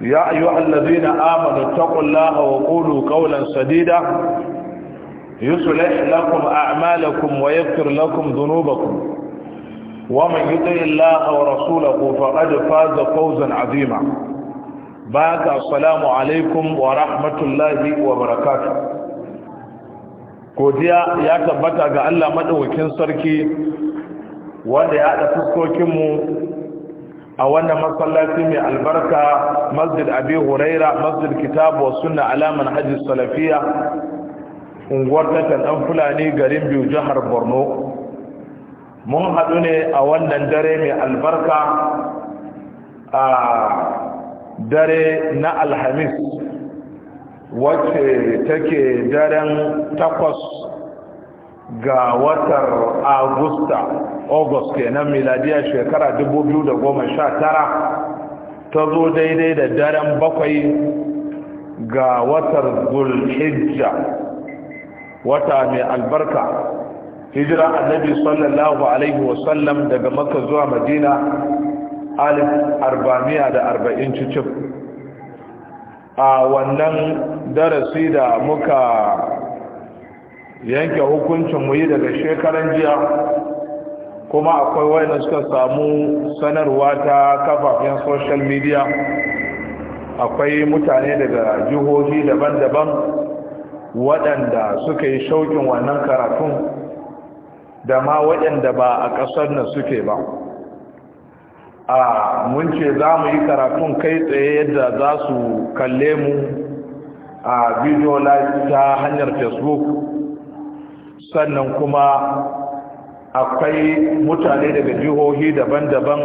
يا أيها الذين آمنوا اتقوا الله وقولوا قولا سديدا يصلح لكم أعمالكم ويغفر لكم ذنوبكم ومن يطع الله ورسوله فقد فاز فوزا عظيما باك السلام عليكم ورحمة الله وبركاته godiya ya tabbata ga Allah madaukakin sarki wanda ya haɗa fuskokinmu a wannan masallaci mai albarka masjid abi huraira masjid kitabu wa sunna alaman hajji salafiya unguwar tattan dan fulani garin biyu jihar borno mun haɗu ne a wannan dare mai albarka a dare na alhamis wacce take daren takwas ga watar agusta august kenan miladiya shekara 2019 ta zo daidai da daren bakwai ga watar gulhijja wata mai albarka hijira annabi sallallahu alaihi wasallam daga makka zuwa madina alif arba'amiya da arba'in cicif a wannan darasi da muka yanke hukuncin mu yi daga shekaran jiya kuma akwai wayanda suka samu sanarwa ta kafafen social media akwai mutane daga jihohi daban-daban waɗanda suka yi shauƙin wannan karatun da ma waɗanda ba a ƙasar nan suke ba a mun ce za mu yi karatun kai tsaye yadda za su kalle mu a video live ta hanyar facebook sannan kuma akwai mutane daga jihohi daban-daban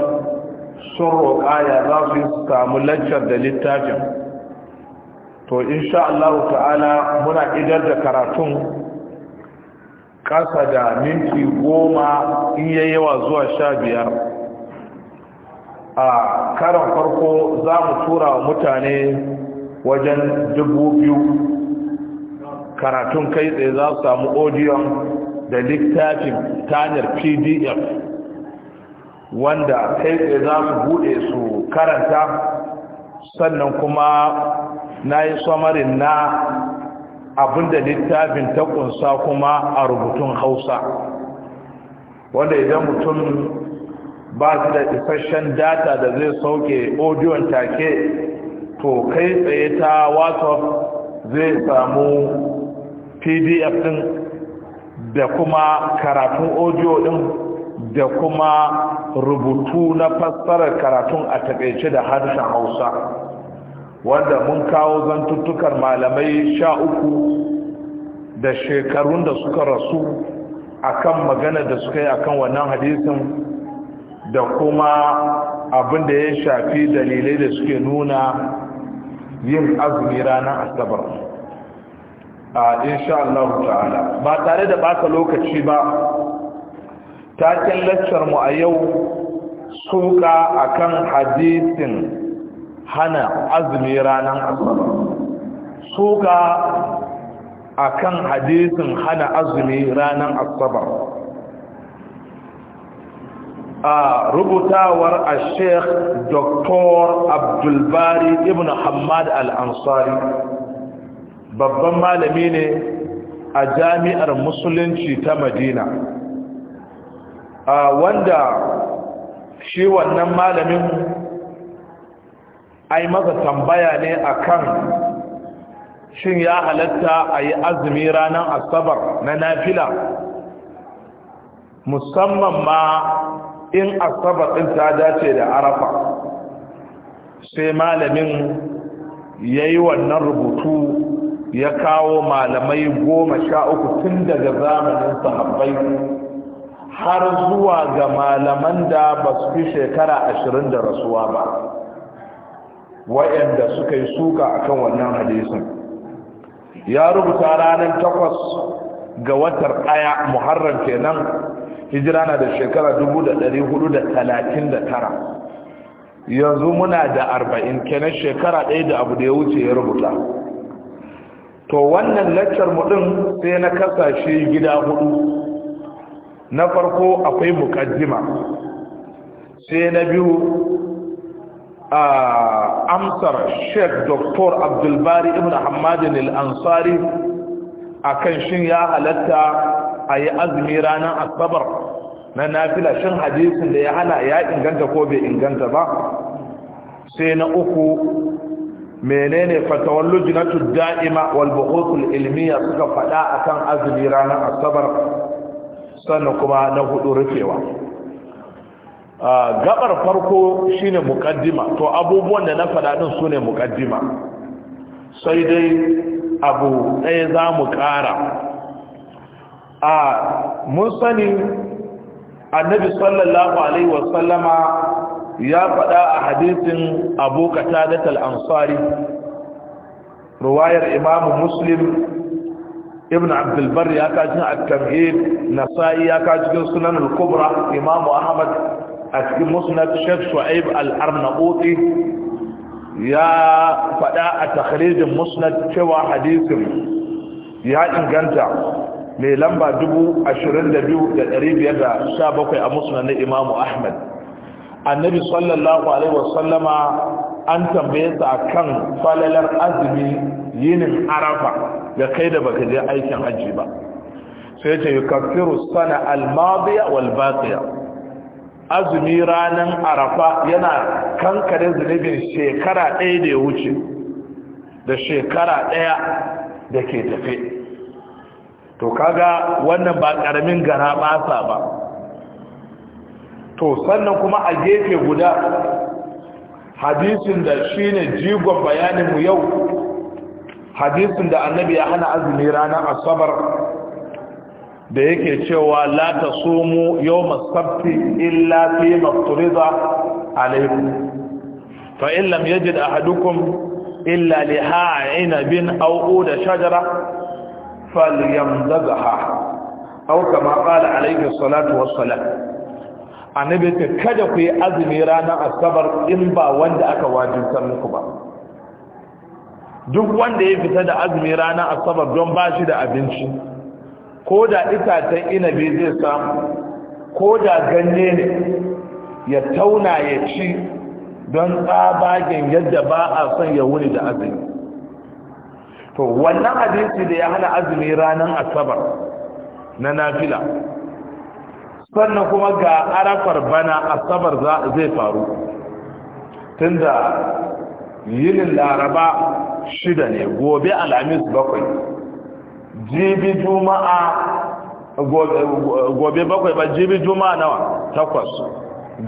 sun roƙaya za su samu laccar da littafin to insha Allah ta'ala muna idar da karatun ƙasa da minti goma in yawa zuwa sha biyar a karan farko za mu tura wa mutane wajen dubu biyu karatun kai tsaye za su samu odiyon da littafin tanyar pdf wanda kai tsaye za su bude su karanta sannan kuma na yi samarin na abinda littafin ta kunsa kuma a rubutun hausa wanda idan mutum ba su da isasshen data da zai sauke odiyon take to kai tsaye ta whatsapp zai samu pdf din da kuma karatun audio din da kuma rubutu na fassarar karatun a takaice da harshen hausa wanda mun kawo zantuttukar malamai sha uku da shekarun da suka rasu akan magana da suka yi akan wannan hadisin da kuma abin da ya shafi dalilai da suke nuna yin azumi ranar asabar a insha Allah ta'ala ba tare da baka lokaci ba taken laccar mu a yau suka akan hadisin hana azumi ranan asabar suka akan hadisin hana azumi ranar asabar a rubutawar a sheikh dr abdulbari ibn hamad al-ansari babban malami ne a jami'ar musulunci ta madina a wanda shi wannan malamin ai masa tambaya ne akan shin ya halatta a yi azumi ranar asabar na nafila musamman ma in asabar ɗin ta dace da arafa sai malamin ya yi wannan rubutu ya kawo malamai goma sha uku tun daga zamanin sahabbai har zuwa ga malaman da ba su fi shekara ashirin da rasuwa ba wa'yanda suka yi suka akan wannan hadisin ya rubuta ranar takwas ga watar ɗaya muharram kenan hijira na da shekara tara. yanzu muna da arba'in kenan shekara ɗaya da abu da ya wuce ya rubuta to wannan laccar mu din sai na kasashe gida hudu na farko akwai mukaddima sai na biyu a amsar sheikh Doktor abdulbari ibn hamadin al-ansari akan shin ya halatta a yi azumi ranar asabar na nafila shin hadisin da ya hana ya inganta ko bai inganta ba sai na uku menene fatawar lujinatu da'ima wal buhuthul ilmiya suka fada akan azumi ranar asabar sannan kuma na hudu rufewa gabar farko shine mukaddima. to abubuwan da na faɗa din sune mukaddima. sai dai abu ɗaya za mu ƙara a mun sani annabi sallallahu alaihi wasallama ya faɗa a hadisin abu qatadat al-ansari ruwayar imamu muslim ibn abdul bar ya ka cikin at-tamhid nasa'i ya ka cikin sunan al-kubra imamu ahmad a cikin musnad shaykh shu'aib al-arnabuti ya faɗa a takhrijin musnad cewa hadisin ya inganta mai lamba 22,517 a musnad na imamu ahmad annabi sallallahu alaihi wasallama an tambaye sa kan falalar azumi yinin arafa ga kai da baka je aikin hajji ba sai ce yukaffiru sana al-madiya wal baqiya azumi ranan arafa yana kankare zunubin shekara ɗaya da ya wuce da shekara ɗaya da ke tafe to kaga wannan ba ƙaramin gara ba to sannan kuma a gefe guda hadisin da shine jigon bayaninmu yau hadisin da annabi ya hana azumi ranar asabar da yake cewa la ta somo yau masabti illa fi mafturiza alaikum fa illam da ahadukum illa liha bin au da shajara falyamdadha au kama qala alayhi salatu wassalam annabi ta kada ku yi azumi ranar asabar in ba wanda aka wajibtar muku ba duk wanda ya fita da azumi ranar asabar don ba shi da abinci ko da itacen inabi zai samu ko da ganye ne ya tauna ya ci don tsabagen yadda ba a son ya wuni da azumi to wannan abinci da ya hana azumi ranar asabar na nafila sannan kuma ga arafar bana asabar zai faru tunda yinin laraba shida ne gobe al'amis bakwai jibi juma'a gobe bakwai ba jibi juma'a nawa takwas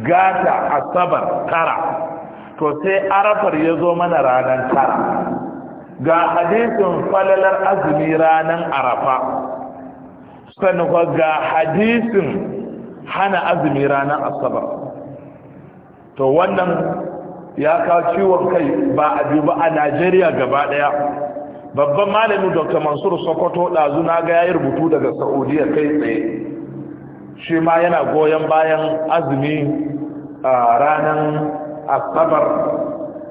gata asabar tara to sai arafar ya zo mana ranar tara ga hadisin falalar azumi ranar arafa sannan ga hadisin hana azumi ranar asabar to wannan ya kawo ciwon kai ba a duba a najeriya gaba daya babban malamin dr mansur sokoto ɗazu na ga yayi rubutu daga saudiya kai tsaye shi ma yana goyon bayan azumi a ranar asabar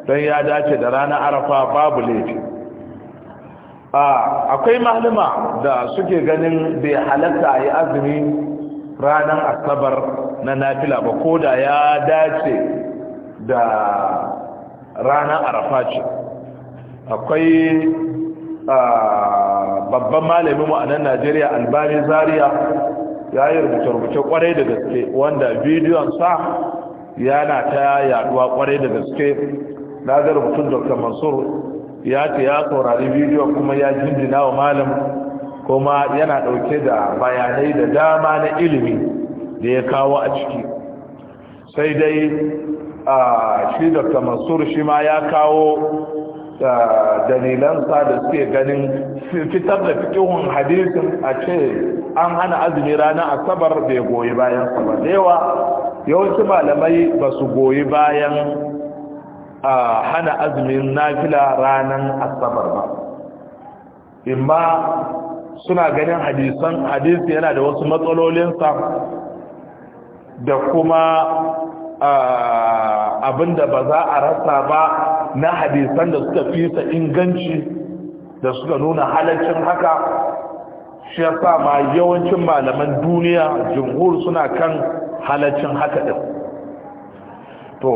don ya dace da ranar arafa babu laifi akwai malama da suke ganin bai halatta a yi azumi ranar asabar na nafila ba ko da ya dace da ranar arafa ce akwai babban malamin mu a nan najeriya albani Zariya. ya yi rubuce-rubuce kwarai da gaske wanda bidiyon sa yana ta yaduwa kwarai da gaske na ga rubutun dr mansur ya ce ya saurari bidiyon kuma ya jinjina wa malam kuma yana ɗauke da bayanai da dama na ilimi da ya kawo a ciki sai dai a shi dr mansur shi ma ya kawo dalilansa da suke ganin fitar da fikihun hadisin a ce an hana azumi ranar asabar bai goyi bayan ba da yawanci malamai ba su goyi bayan hana azumin nafila ranar asabar ba imma suna ganin hadisan hadisi yana da wasu matsalolinsa da kuma abinda ba za a rasa ba na hadisan da suka fi sa inganci da suka nuna halaccin haka shi ya sa ma yawancin malaman duniya jumhur suna kan halaccin haka ɗin to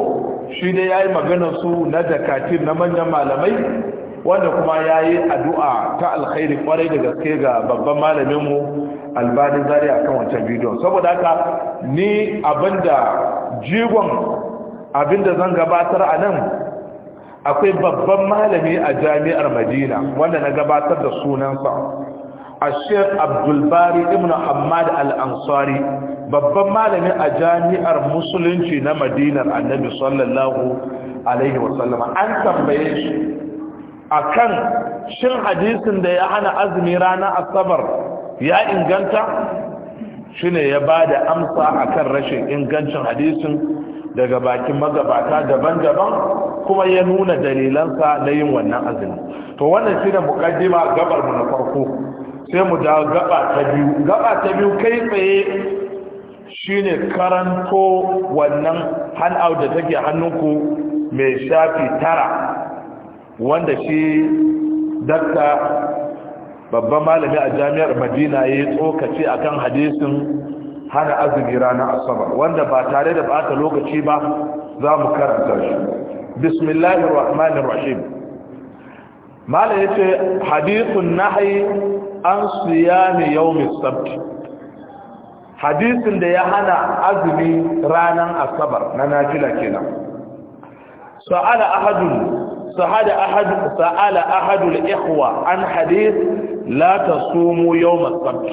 shi dai ya yi maganar su na jakatir na manyan malamai wanda kuma ya yi addu'a ta alkhairi kwarai da gaske ga babban malaminmu albani zari a kan wancan bidiyon saboda haka ni abinda jigon abinda zan gabatar a nan akwai babban malami a jami'ar madina wanda na gabatar da sunansa a sheik abdulbari ibn hamad al'ansari babban malami a jami'ar musulunci na madinar annabi sallallahu alaihi wasallama an tambaye shi akan shin hadisin da ya hana azumi ranar asabar ya inganta shine ya ba da amsa akan rashin ingancin hadisin daga bakin magabata daban-daban kuma ya nuna dalilansa na yin wannan azumi to wannan shine mukaddima gabar mu na farko sai mu dawo gaba ta biyu gaba ta biyu kai tsaye shine karanto wannan hanau da take hannunku mai shafi tara wanda shi dakta babban malami a jami'ar madina ya yi tsokaci akan hadisin hana azumi ranar asabar wanda ba tare da bata lokaci ba za mu karanta shi bismillahir rahmanir rahim ce yace hadithun nahyi an siyami yawmis sabt hadisin da ya hana azumi ranar asabar na nafila kenan سأل أحد سأل أحد سأل أحد الإخوة عن حديث لا تصوموا يوم السبت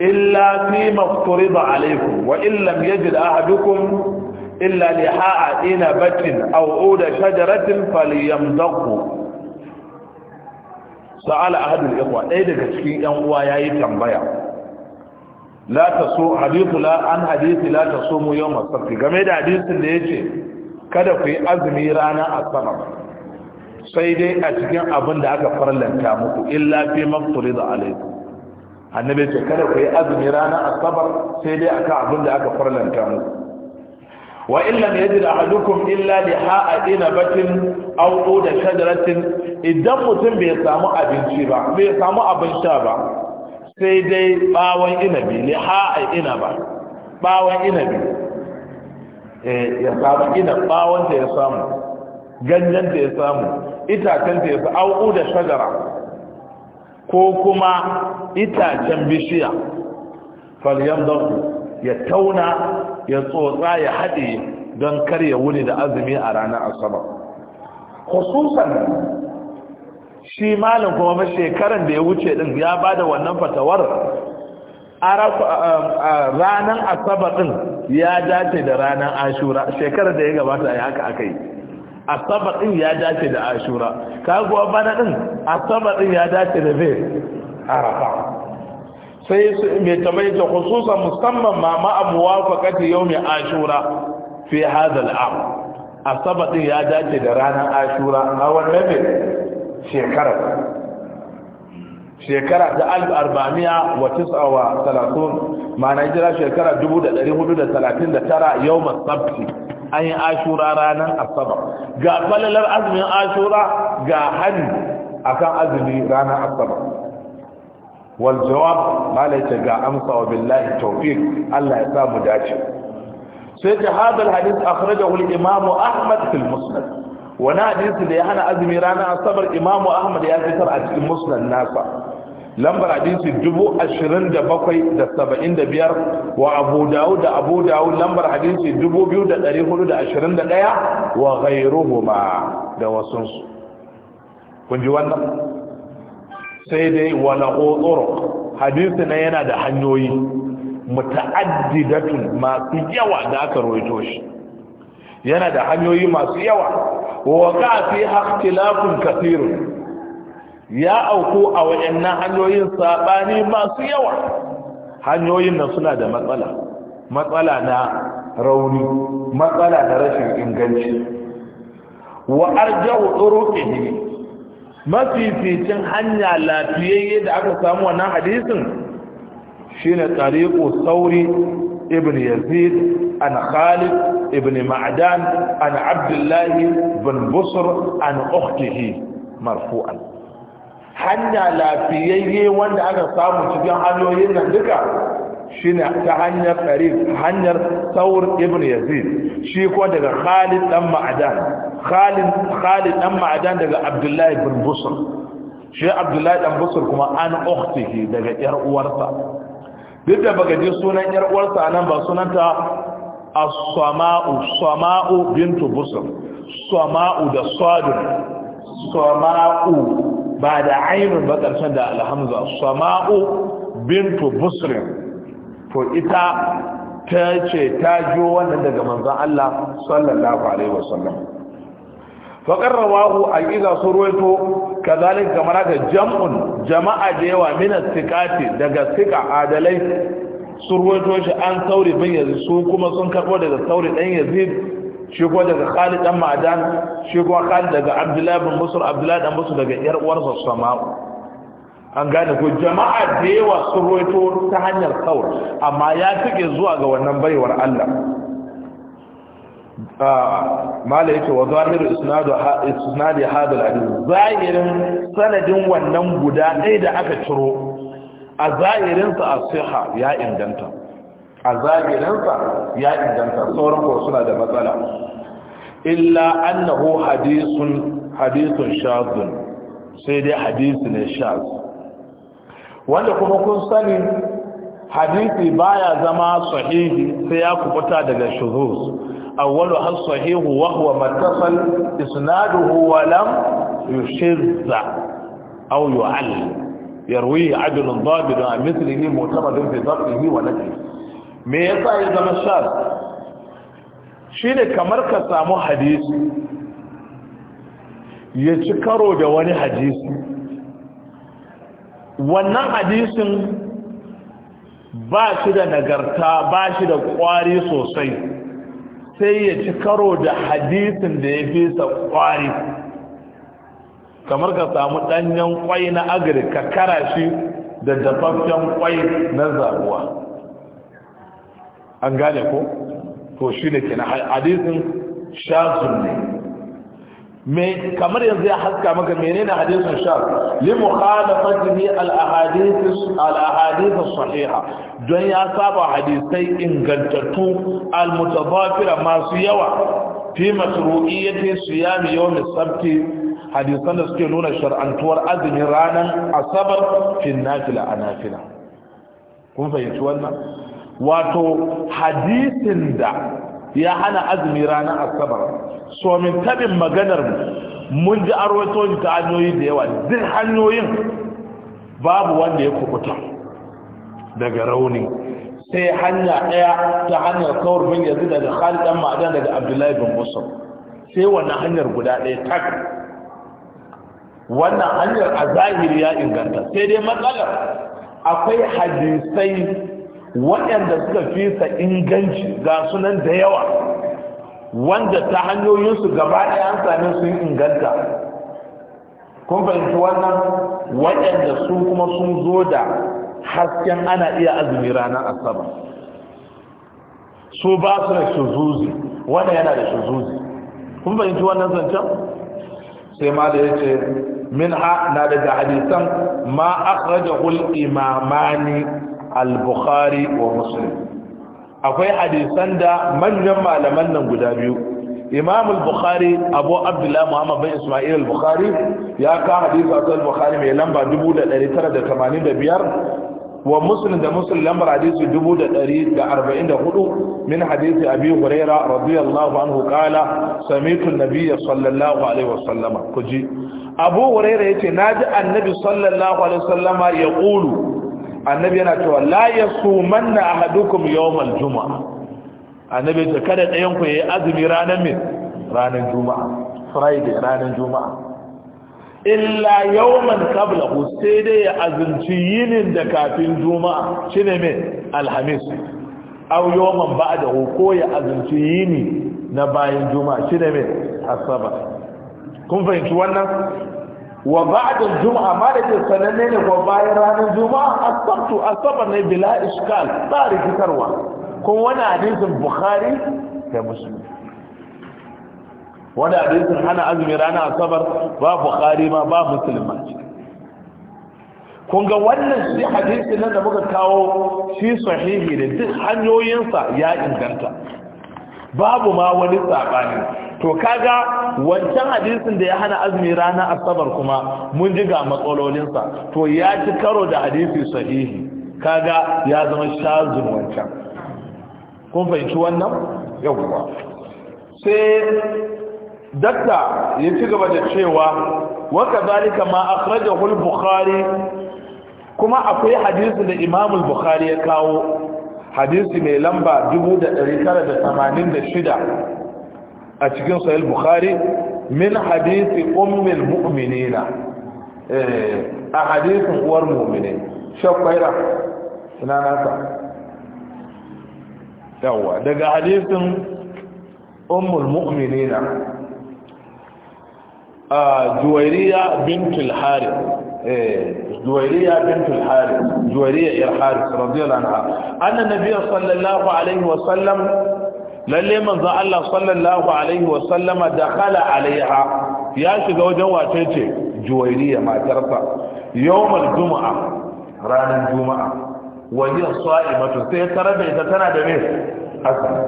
إلا فيما افترض عليكم وإن لم يجد أحدكم إلا لحاء إنبة أو أود شجرة فليمزقوا سأل أحد الإخوة أيدك شيئاً ويأيكم بيع لا تصوم حديث لا عن حديث لا تصوم يوم السبت كما حديث اللي يجي kada ku yi azumi ranar asabar sai dai a cikin abin da aka farlanta muku illa fi maqturi da alaikum annabi ce kada ku yi azumi ranar asabar sai dai akan abin da aka farlanta muku wa illa yajid ahadukum illa liha'a da aw uda shajaratin idan mutum bai samu abinci ba bai samu abin sha ba sai dai bawon inabi liha'a inaba bawon inabi Eh, ya samu ina bawanta ya samu ganyanta ya samu itacenta ya samu auku da shagara ko kuma itacen bishiya falyan zaku ya tauna ya tsotsa ya haɗe don karya wuni da azumi a ranar asabar khususan shi malam kuma ma shekaran da ya wuce din ya bada wannan fatawar ranar asabar din ya dace da ranar ashura shekarar da ya gabata a haka aka yi asabar din ya dace da ashura kaguwa bana din asabar din ya dace da zai arafa sai su mai ta khususan musamman ma ma yau mai ashura fi hazal am asabar din ya dace da ranar ashura a wannan shekarar shekara ta alif arba'amiya wa tisawa wa talatun ma'ana jira shekara dubu da ɗari hudu da talatin da tara yau masabti an yi ashura ranar asabar ga falalar azumin ashura ga hannu akan azumi ranar asabar wal jawab malaita ga amsa wa billahi Taufiq Allah ya samu dace sai ta hadal hadith akhrajahu al-imam Ahmad fil musnad wani hadisi da ya hana azumi ranar asabar imamu ahmad ya fitar a cikin musnad nasa lambar hadisi dubu ashirin da bakwai da saba'in da biyar wa abu dawud da abu dawud lambar hadisi dubu biyu da ɗari hudu da ashirin da ɗaya wa ghairuhuma da wasunsu kun ji wannan sai dai wala ƙotsoro hadisi na yana da hanyoyi muta'addidatun masu yawa da aka roito shi yana da hanyoyi masu yawa wa ka fi ikhtilafun kathirun ya auku a wayannan hanyoyin saɓani masu yawa hanyoyin nan suna da matsala matsala na rauni matsala da rashin inganci wa arjahu turuqihi mafificin hanya lafiyayye da aka samu wannan hadisin shine tariqu sauri ibn yazid an khalid ibn ma'dan an abdullahi bin busr an ukhtihi marfu'an hanya lafiyayye wanda aka samu cikin hanyoyin nan duka shi ne ta hanyar ɗari hanyar saur ibn yazid shi ko daga khalid dan ma'adan khalid dan ma'adan daga abdullahi ibn busur shi abdullahi dan busur kuma an ukhtihi daga yar uwarsa duk da baka ji sunan yar uwarsa nan ba sunanta as-sama'u sama'u bintu busr sama'u da sadu sama'u ba da ainihin ba da alhamza sama'u bintu busrin to ita ta ce ta jo wannan daga manzan Allah sallallahu alaihi wasallam faƙar rawahu a ƙiza su ruwaito zalin kamar haka jam'un jama'a da yawa Mina sikati daga sika adalai su ruwaito shi an sauri bin yanzu su kuma sun karɓo daga sauri ɗan yazid shi kuwa daga Khalid dan Ma'dan shi kuwa Khalid daga Abdullah bin Musul Abdullah dan Musul daga yar uwarsa Sama'u an gane ko jama'a da yawa su roito ta hanyar kawai amma ya tike zuwa ga wannan baiwar Allah ah, mala yake wa zahiru isnadi hadal hadith zahirin sanadin wannan guda ɗaya da aka ciro a zahirinsa a siha ya inganta a zahirinsa ya inganta sauran ko suna da matsala illa annahu hadisun hadisun shazun sai dai hadisi ne shaz wanda kuma kun sani hadisi baya zama sahihi sai ya kubuta daga shuzuz awwalu has sahihu wa huwa mattasal isnaduhu wa lam yushizza aw yu'all yarwihi adlun dabidun mithlihi mu'tamadun fi dhabtihi wa nadhihi me yasa ya zama Shi shine kamar ka samu hadisi ya ci karo da wani hadisi wannan hadisin ba shi da nagarta ba shi da kwari sosai sai ya ci karo da hadisin da ya fi sa kwari kamar ka samu ɗanyen kwai na agri ka kara shi da dafaffen kwai na zaruwa an gane ko to shi ne na. hadisin shazun ne kamar yanzu ya haska maka menene hadisin shaz Limu mukhalafatihi al ahadith sahiha don ya saba hadisai ingantattu al masu yawa fi masru'iyyati siyam yawm sabti hadisan da suke nuna shar'antuwar azumin ranar asabar fi nafila a nafila kun fahimci wannan wato hadisin da ya hana azumi ranar asabar so min tabin maganar mun ji arwato ta hanyoyi da yawa duk hanyoyin babu wanda ya kubuta daga rauni sai hanya ɗaya ta hanyar kawar bin yanzu daga khalid dan ma'adan daga abdullahi bin musul sai wannan hanyar guda ɗaya tak wannan hanyar a zahiri ya inganta sai dai matsalar akwai hadisai waɗanda suka fi sa inganci ga sunan da yawa wanda ta hanyoyinsu gaba da an sami sun inganta kun fahimci wannan waɗanda su kuma sun zo da hasken ana iya azumi ranar asabar su ba su da shuzuzi wanda yana da shuzuzi kun fahimci wannan zancen sai ma da ya ce min ha na daga hadisan ma akhrajahu al-imamani al-bukhari wa muslim akwai hadisan da manyan malaman nan guda biyu imam al-bukhari abu abdullahi muhammad bin isma'il al ya ka hadisa akal bukhari mai lamba 1985 wa muslim da muslim lambar hadisi 1044 min hadisi abi hurairah radiyallahu anhu qala sami'tu an-nabiyya sallallahu alaihi wa sallama kuji abu hurairah yace naji annabi sallallahu alaihi wa sallama yaqulu annabi yana cewa la yasumanna ahadukum yawmal juma'a annabi ya kada ɗayan ku yayi azumi ranar min ranar juma'a friday ranar juma'a illa yawman kabla sai dai ya azumci yinin da kafin juma'a shine min alhamis aw yawman ba'dahu ko ya azumci yini na bayan juma'a shine min asabar kun fahimci wannan wa ba'da juma'a ma da ke sananne ne ko bayan ranar juma'a asabtu asabar ne bila iskal ba rikitarwa kuma wani hadisin bukhari da muslim wani hadisin hana azumi ranar asabar ba bukhari ma ba muslim ma kun ga wannan shi hadisin nan da muka kawo shi sahihi da duk hanyoyinsa ya inganta babu ma wani sabani to kaga wancan hadisin da ya hana azumi ranar asabar kuma mun ji ga matsalolinsa to ya ci karo da hadisi sahihi kaga ya zama shazun wancan kun fahimci wannan yawwa sai dakta ya ci gaba da cewa waka zalika ma akhrajahu al-bukhari kuma akwai hadisi da imamul al-bukhari ya kawo hadisi mai lamba 1986 a cikin sahih bukhari min hadisi ummul mu'minina a hadisin uwar mu'mine shakwaira ina nasa yawa daga hadisin ummul mu'minina a juwairiya bintul harith جويرية بنت الحارث جويرية الحارث رضي الله عنها أن النبي صلى الله عليه وسلم lalle manzo Allah sallallahu alaihi wa sallama dakhala alaiha ya shiga wajen wace ce juwairiya matarsa yawmal juma'a ranar juma'a wajen sa'imatu sai tare da tana da ne azumi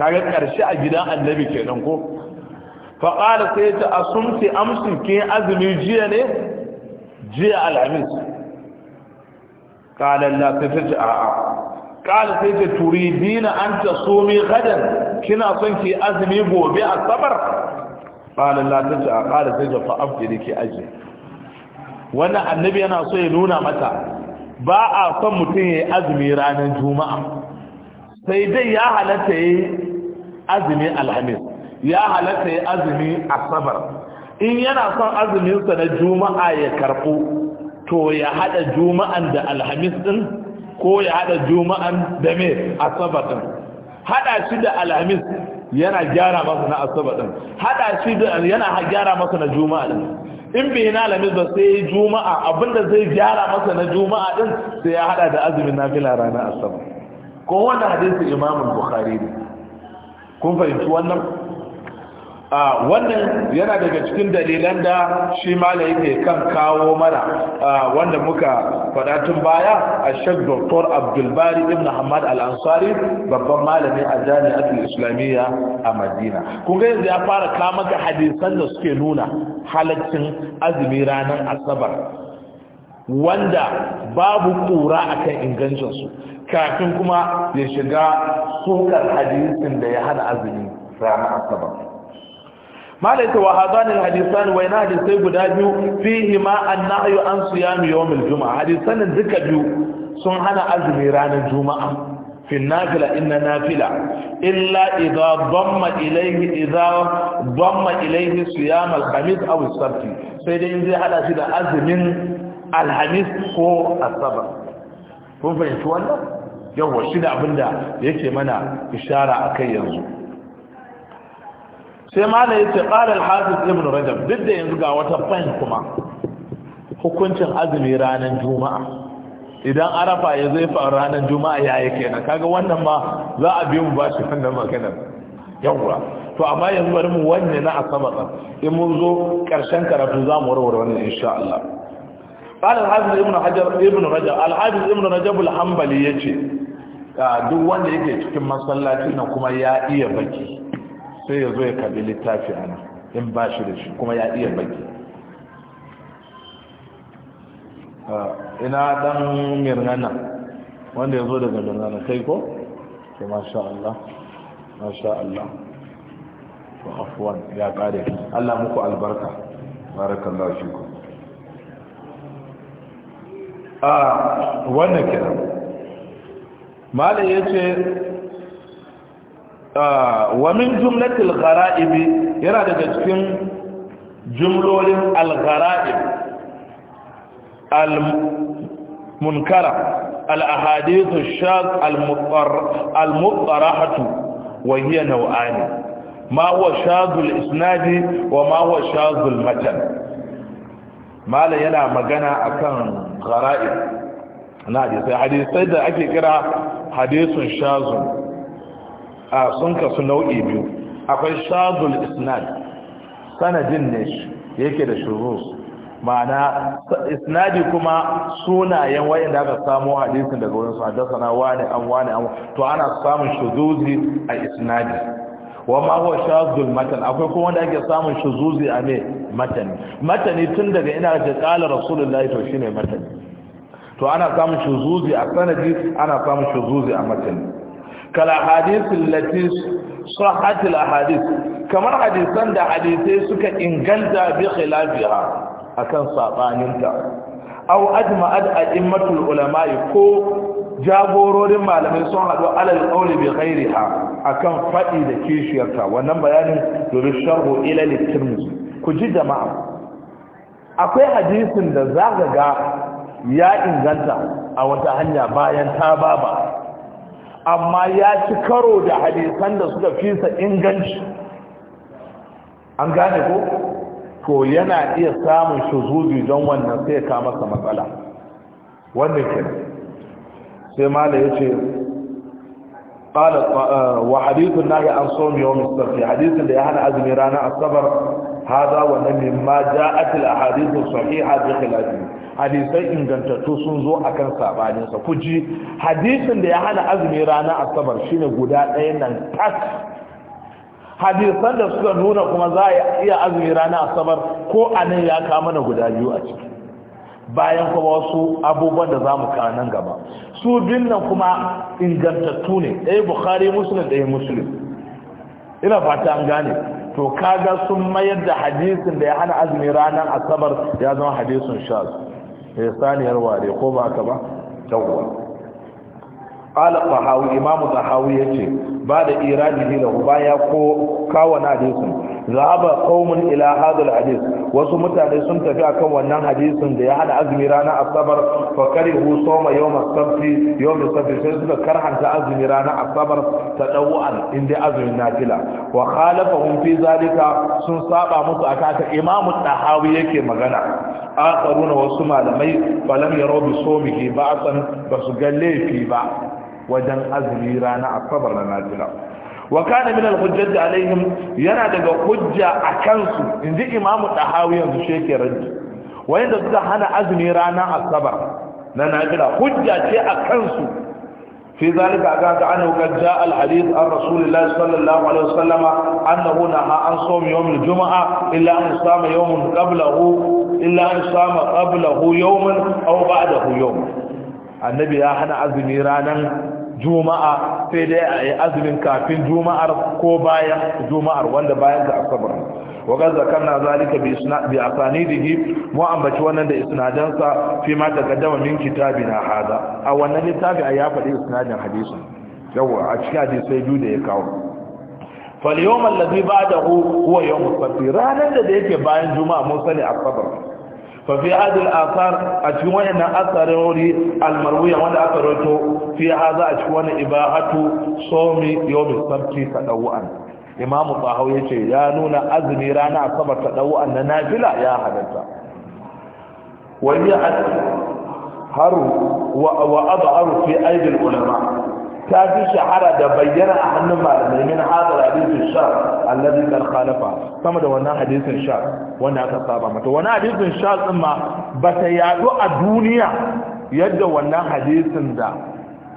kaga karshe a gidan annabi kenan ko fa qala sai ta asumti amsin ke azumi jiya ne jiya alhamis kalan la ta ce a'a kala sai ta turi dina an ta somi gadan kina son ki azumi gobe a sabar kalan la ta ce a kala sai ta fa'af da ke aji wannan annabi yana so ya nuna mata ba a son mutum ya yi azumi ranar juma'a sai dai ya halatta ya yi azumi alhamis ya halatta ya azumi asabar in yana son azuminsa na juma'a ya karɓo to ya haɗa juma'an da alhamis ɗin ko ya haɗa juma'an da mai asabar ɗin haɗa shi da alhamis yana gyara masa na asabar ɗin haɗa shi da yana gyara masa na juma'a ɗin in bai na alhamis ba sai juma'a abinda zai gyara masa na juma'a ɗin sai ya haɗa da azumin fila ranar asabar ko wanda hadisi imamun bukhari ne kun fahimci wannan a wannan yana daga cikin dalilan da shi malai ke kan kawo mana wanda muka faɗa tun baya a shek doktor abdulbari ibn hamad al-ansari babban malamin a jami'atul islamiyya a madina Kuma yanzu ya fara kama ga hadisan da suke nuna halaccin azumi ranar asabar wanda babu kura akan ingancinsu kafin kuma ya shiga sukar hadisin da ya hana azumi ranar asabar malaita wa hadanil hadisan wa ina hadisai guda biyu fihi ma annahyu an siyam yawmil juma'a hadisan duka biyu sun hana azumi ranar juma'a fi nafila inna nafila illa idza damma ilayhi idza damma ilayhi siyam al-khamis aw as-sabt sai dai in zai hada shi da azumin al-khamis ko as-sabt kun fahimci wannan yawa shi da abinda yake mana ishara akai yanzu sai mala ya ce ƙarar hafiz ibn rajab duk da yanzu ga wata fain kuma hukuncin azumi ranar juma'a idan arafa ya zai fa ranar juma'a ya yi kenan kaga wannan ma za a biyu mu ba shi wannan maganar yawwa to amma yanzu bari mu wanne na asabaka in mun zo karshen karatu za mu warware wannan insha Allah قال الحافظ ابن Rajab ابن رجب الحافظ ابن رجب الحنبلي yace duk wanda yake cikin masallaci na kuma ya iya baki sai ya zo ya kaɗi littafi ana in ba shi da shi kuma ya iya baki ina dan mirnana wanda ya zo daga mirnana kai ko? ke masha Allah masha Allah to afuwan ya kare. Allah muku albarka barakallahu shi ku a wannan kiran malai ya ce آه، ومن جملة الغرائب يرى ذلك جملة الغرائب المنكرة الأحاديث الشاذ المطرحة وهي نوعان ما هو شاذ الإسناد وما هو شاذ المتن ما لا يلا مغنى أكن غرائب نعم حديث سيدة أكي كرا حديث شاذ A sun kasu nau'i biyu akwai shazul isnad sanadin ne yake da shuruz ma'ana isnadi kuma sunayen wayanda aka samu hadisin daga wurin su haddathana wani an wani an to ana samun shuzuzi a isnadi wa ma huwa shazul matan akwai kuma wanda ake samun shuzuzi a me matani matani tun daga ina da qala rasulullahi to shine matani to ana samun shuzuzi a sanadi ana samun shuzuzi a matani kala hadisin latis sahatil hadis. kamar hadisan da hadisai suka inganta bi khilafiha akan sabaninta aw ajma'at a'immatul ulama'i ko jagororin malamai sun hadu alal qawli bi ghairiha akan fadi da kishiyarta wannan bayanin domin sharhu ila tirmidhi ku ji jama'a akwai hadisin da zaka ga ya inganta a wata hanya bayan ta baba amma ya ci karo da hadisan da suka fisa inganci an gane ko to yana iya samun shuzuzi don wannan sai ka masa matsala wannan ke. sai mala yace qala wa na nahi an sawm yawm as-sabt da ya hana azumi ranar asabar hada wannan mimma ja'atil ahadithu sahiha bi khilafi hadisai ingantattu sun zo akan sabanin sa kuji hadisin da ya hana azumi rana asabar shine guda ɗayan nan tas hadisan da suka nuna kuma za a iya azumi rana asabar ko anan ya ka mana guda biyu a ciki bayan kuma wasu abubuwan da za mu kawo nan gaba su bin nan kuma ingantattu ne ɗaya bukhari muslim ɗaya muslim ina fata an gane to kaga sun mayar da hadisin da ya hana azumi ranar asabar ya zama hadisin shaz ya eh, saniyar ware ko ba ka ba yawwa qala qahawi imamu qahawi yace ba da iradi ne da ko kawana hadisin zaba qaumun ila hadal hadith wasu mutane sun tafi akan wannan hadisin da ya hada azumi ranar asabar fa karihu sawma yawm as-sabt yawm as-sabt sai suka karhanta azumi ranar asabar tadawwan inda azumin nafila wa khalafahum fi zalika sun saba musu akaka imamu tahawi yake magana akharuna wasu malamai falam yaro bi somihi ba'san basu ga laifi ba wajen azumi rana asabar na nafila wa kana min al alaihim yana daga hujja a kansu inji imamu tahawi yanzu sheke suka hana azumi rana asabar na nafila hujja ce a kansu fi zalika ga ga anu kad ja al-hadith an rasulillah sallallahu alaihi wasallam annahu naha an sawm yawm al-jum'a illa an sawm yawman qablahu illa an sawm qablahu yawman aw ba'dahu yawman annabi ya hana azumi ranan juma'a sai dai a yi azumin kafin juma'ar ko baya juma'ar wanda bayan ga asabar wa ga zakar na zalika bi suna bi asani mu ambaci wannan da isnadan sa fi ma daga dawa min kitabina hada a wannan littafi a ya faɗi isnadin hadisi yawa a cikin hadisi biyu da ya kawo fal yawm ba ba'dahu huwa yawm as-sabr da da yake bayan juma'a mun sani asabar ففي هذه الآثار أتوين أثر المروية وانا أثرته في هذا أتوين إباحة صوم يوم السبت تدوءا إمام طاهو يشي يا نونا أذني رانا أصبر تدوءا نافلة يا حدثا وهي أثر وأضعر في أيدي العلماء ta fi shahara da bayyana a hannun malamai min hadar hadisin shar allazi kar khalafa sama da wannan hadisin shar wanda aka saba mata wannan hadisin shar din ma ba ta yaɗu a duniya yadda wannan hadisin da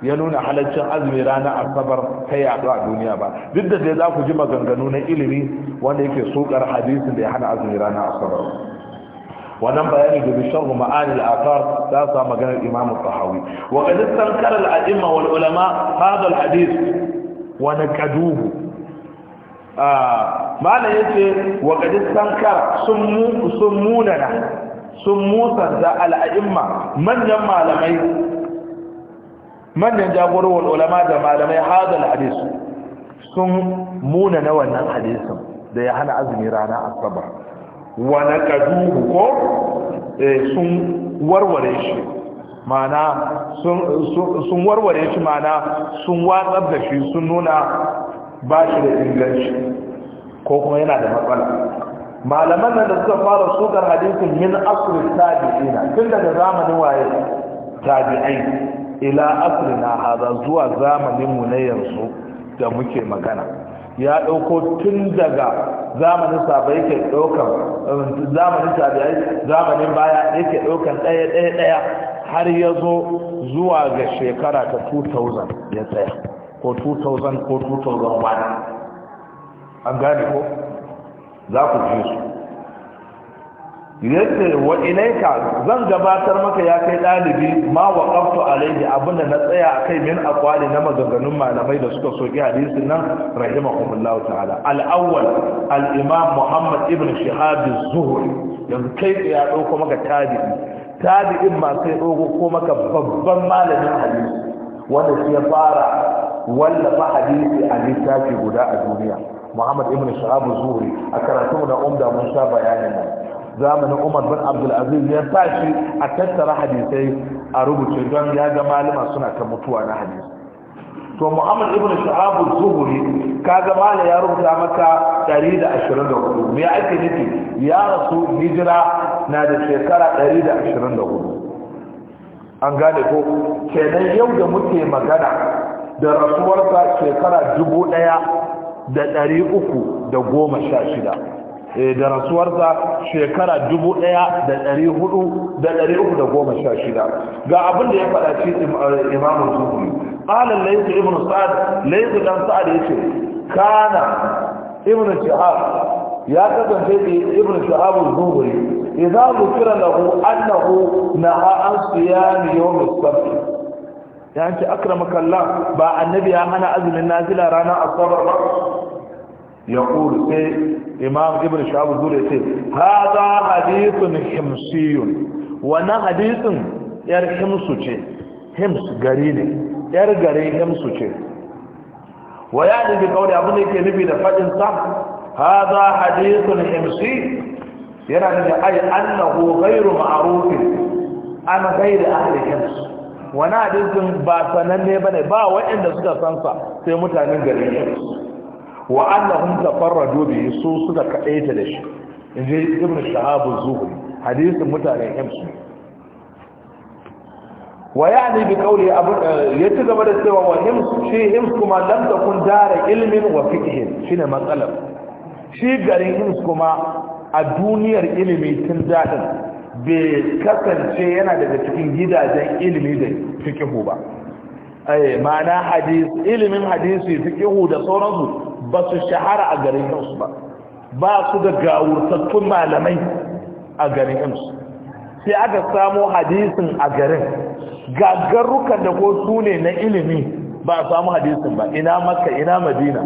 ya nuna halaccin azumi ranar asabar ta yadu a duniya ba duk da dai za ku ji maganganu na ilimi wanda yake sukar hadisin da ya hana azumi ranar asabar wannan bayani da bishar ma'ani al-athar ta sa maganar imam al-tahawi wa qad istankara al-a'imma wal ulama hadha al-hadith wa naqaduhu ah mala yace wa qad istankara summu summuna sun musanta al-a'imma manyan malamai manyan jagorowar ulama da malamai hadal hadis sun muna na wannan hadisin da ya hana azumi rana asabar wa naqaduhu ko eh, sun warware shi mana sun warware shi mana sun watsar da shi sun nuna ba shi da inganci ko kuma yana da matsala malaman nan da suka fara sukar hadisin min asirin na tun daga zamanin waye tabi'ai ila asirin haza zuwa zamanin mu na yanzu da muke magana ya ɗauko tun daga zamanin sabai yake ɗaukan zamanin sabai zamanin baya yake ɗaukan ɗaya ɗaya ɗaya har ya zo zuwa ga shekara ta 2000 ya tsaya ko 2000 ko 2001 an gane ko za ku ji su yadda wa ilaika zan gabatar maka ya kai dalibi ma waqaftu alaihi abinda na tsaya a kai min akwali na maganganun malamai da suka soki hadisin nan rahimahumullahu ta'ala al-awwal al-imam Muhammad ibn Shihab az-Zuhri yanzu kai ya dauko maka tabi'i tabi'in ma sai dogo ko maka babban malamin hadisi wanda ya fara wallafa hadisi a littafi guda a duniya Muhammad ibn Shihab az-Zuhri a karatu na umda mun sha bayanin nan zamanin umar bin abdulaziz ya sa shi a tattara hadisai a rubuce don ya ga malama suna ta mutuwa na hadisi to muhammad ibn shahabu zuhuri ka ga mala ya rubuta maka 124 me ake nufi ya rasu hijira na da shekara 124 an gane ko kenan yau da muke magana da rasuwarsa shekara dubu ɗaya da ɗari uku da goma sha shida Eh, da rasuwarsa shekara dubu ɗaya da ɗari da ɗari uku da goma sha shida ga abin da ya faɗa shi eh, imamun zuhuri ƙalin laifin ibn sa'ad laifin ɗan sa'ad ya ce kana ibn shahab ya kasance ibn shahab zuhuri idan zukira kira annahu ku? an siyami yawm as-sabt ya ce akramaka makalla ba annabi ya hana azumin nazila ranar asabar ba yaqulu sai imam ibnu shabu zure ce hadha hadithun himsiyun wannan hadisin yar himsu ce hims gari ne yar gari himsu ce wa ya bi kauli abin da yake nufi da fadin sa hadha hadithun himsi yana nufi ai annahu ghairu ma'ruf an ghairi ahli hims wani hadisin ba sananne bane ba waɗanda suka sansa sai mutanen garin hims wa annahum tafarradu bi su suka kadaita da shi inji ibn shahab az-zuhri hadisin mutanen himsu wa yani bi qawli abu yace gaba da cewa wa himsu shi himsu kuma lam takun dara ilmin wa fiqhin shine matsalar shi garin himsu kuma a duniyar ilimi tun dadin bai kasance yana daga cikin gidajen ilimi da fiqhu ba ai eh, ma'ana hadis ilimin hadisi fiqhu da sauransu ba su shahara a garin yansu ba ba su da gawurtattun malamai a garin yansu sai aka samo hadisin a garin gaggarukan da ko su ne na ilimi ba a samu hadisin ba ina makka ina madina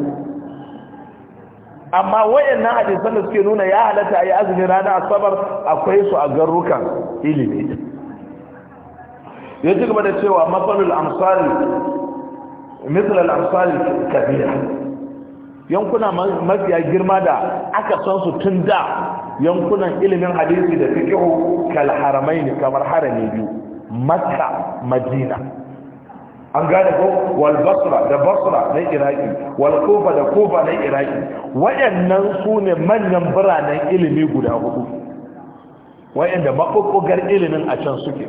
amma wayannan hadisan da suke nuna ya halatta ayi azumi ranar asabar akwai su a garrukan ilimi ya ci gaba da cewa matsalul amsal misal al-amsal kabira yankuna mafiya girma da aka san su tun da yankunan ilimin hadisi da fikihu kal ne kamar harami biyu makka madina an gane ko wal basra da basra na iraki wal kufa da kufa na iraki waɗannan su ne manyan biranen ilimi guda hudu waɗanda maɓuɓɓugar ilimin a can suke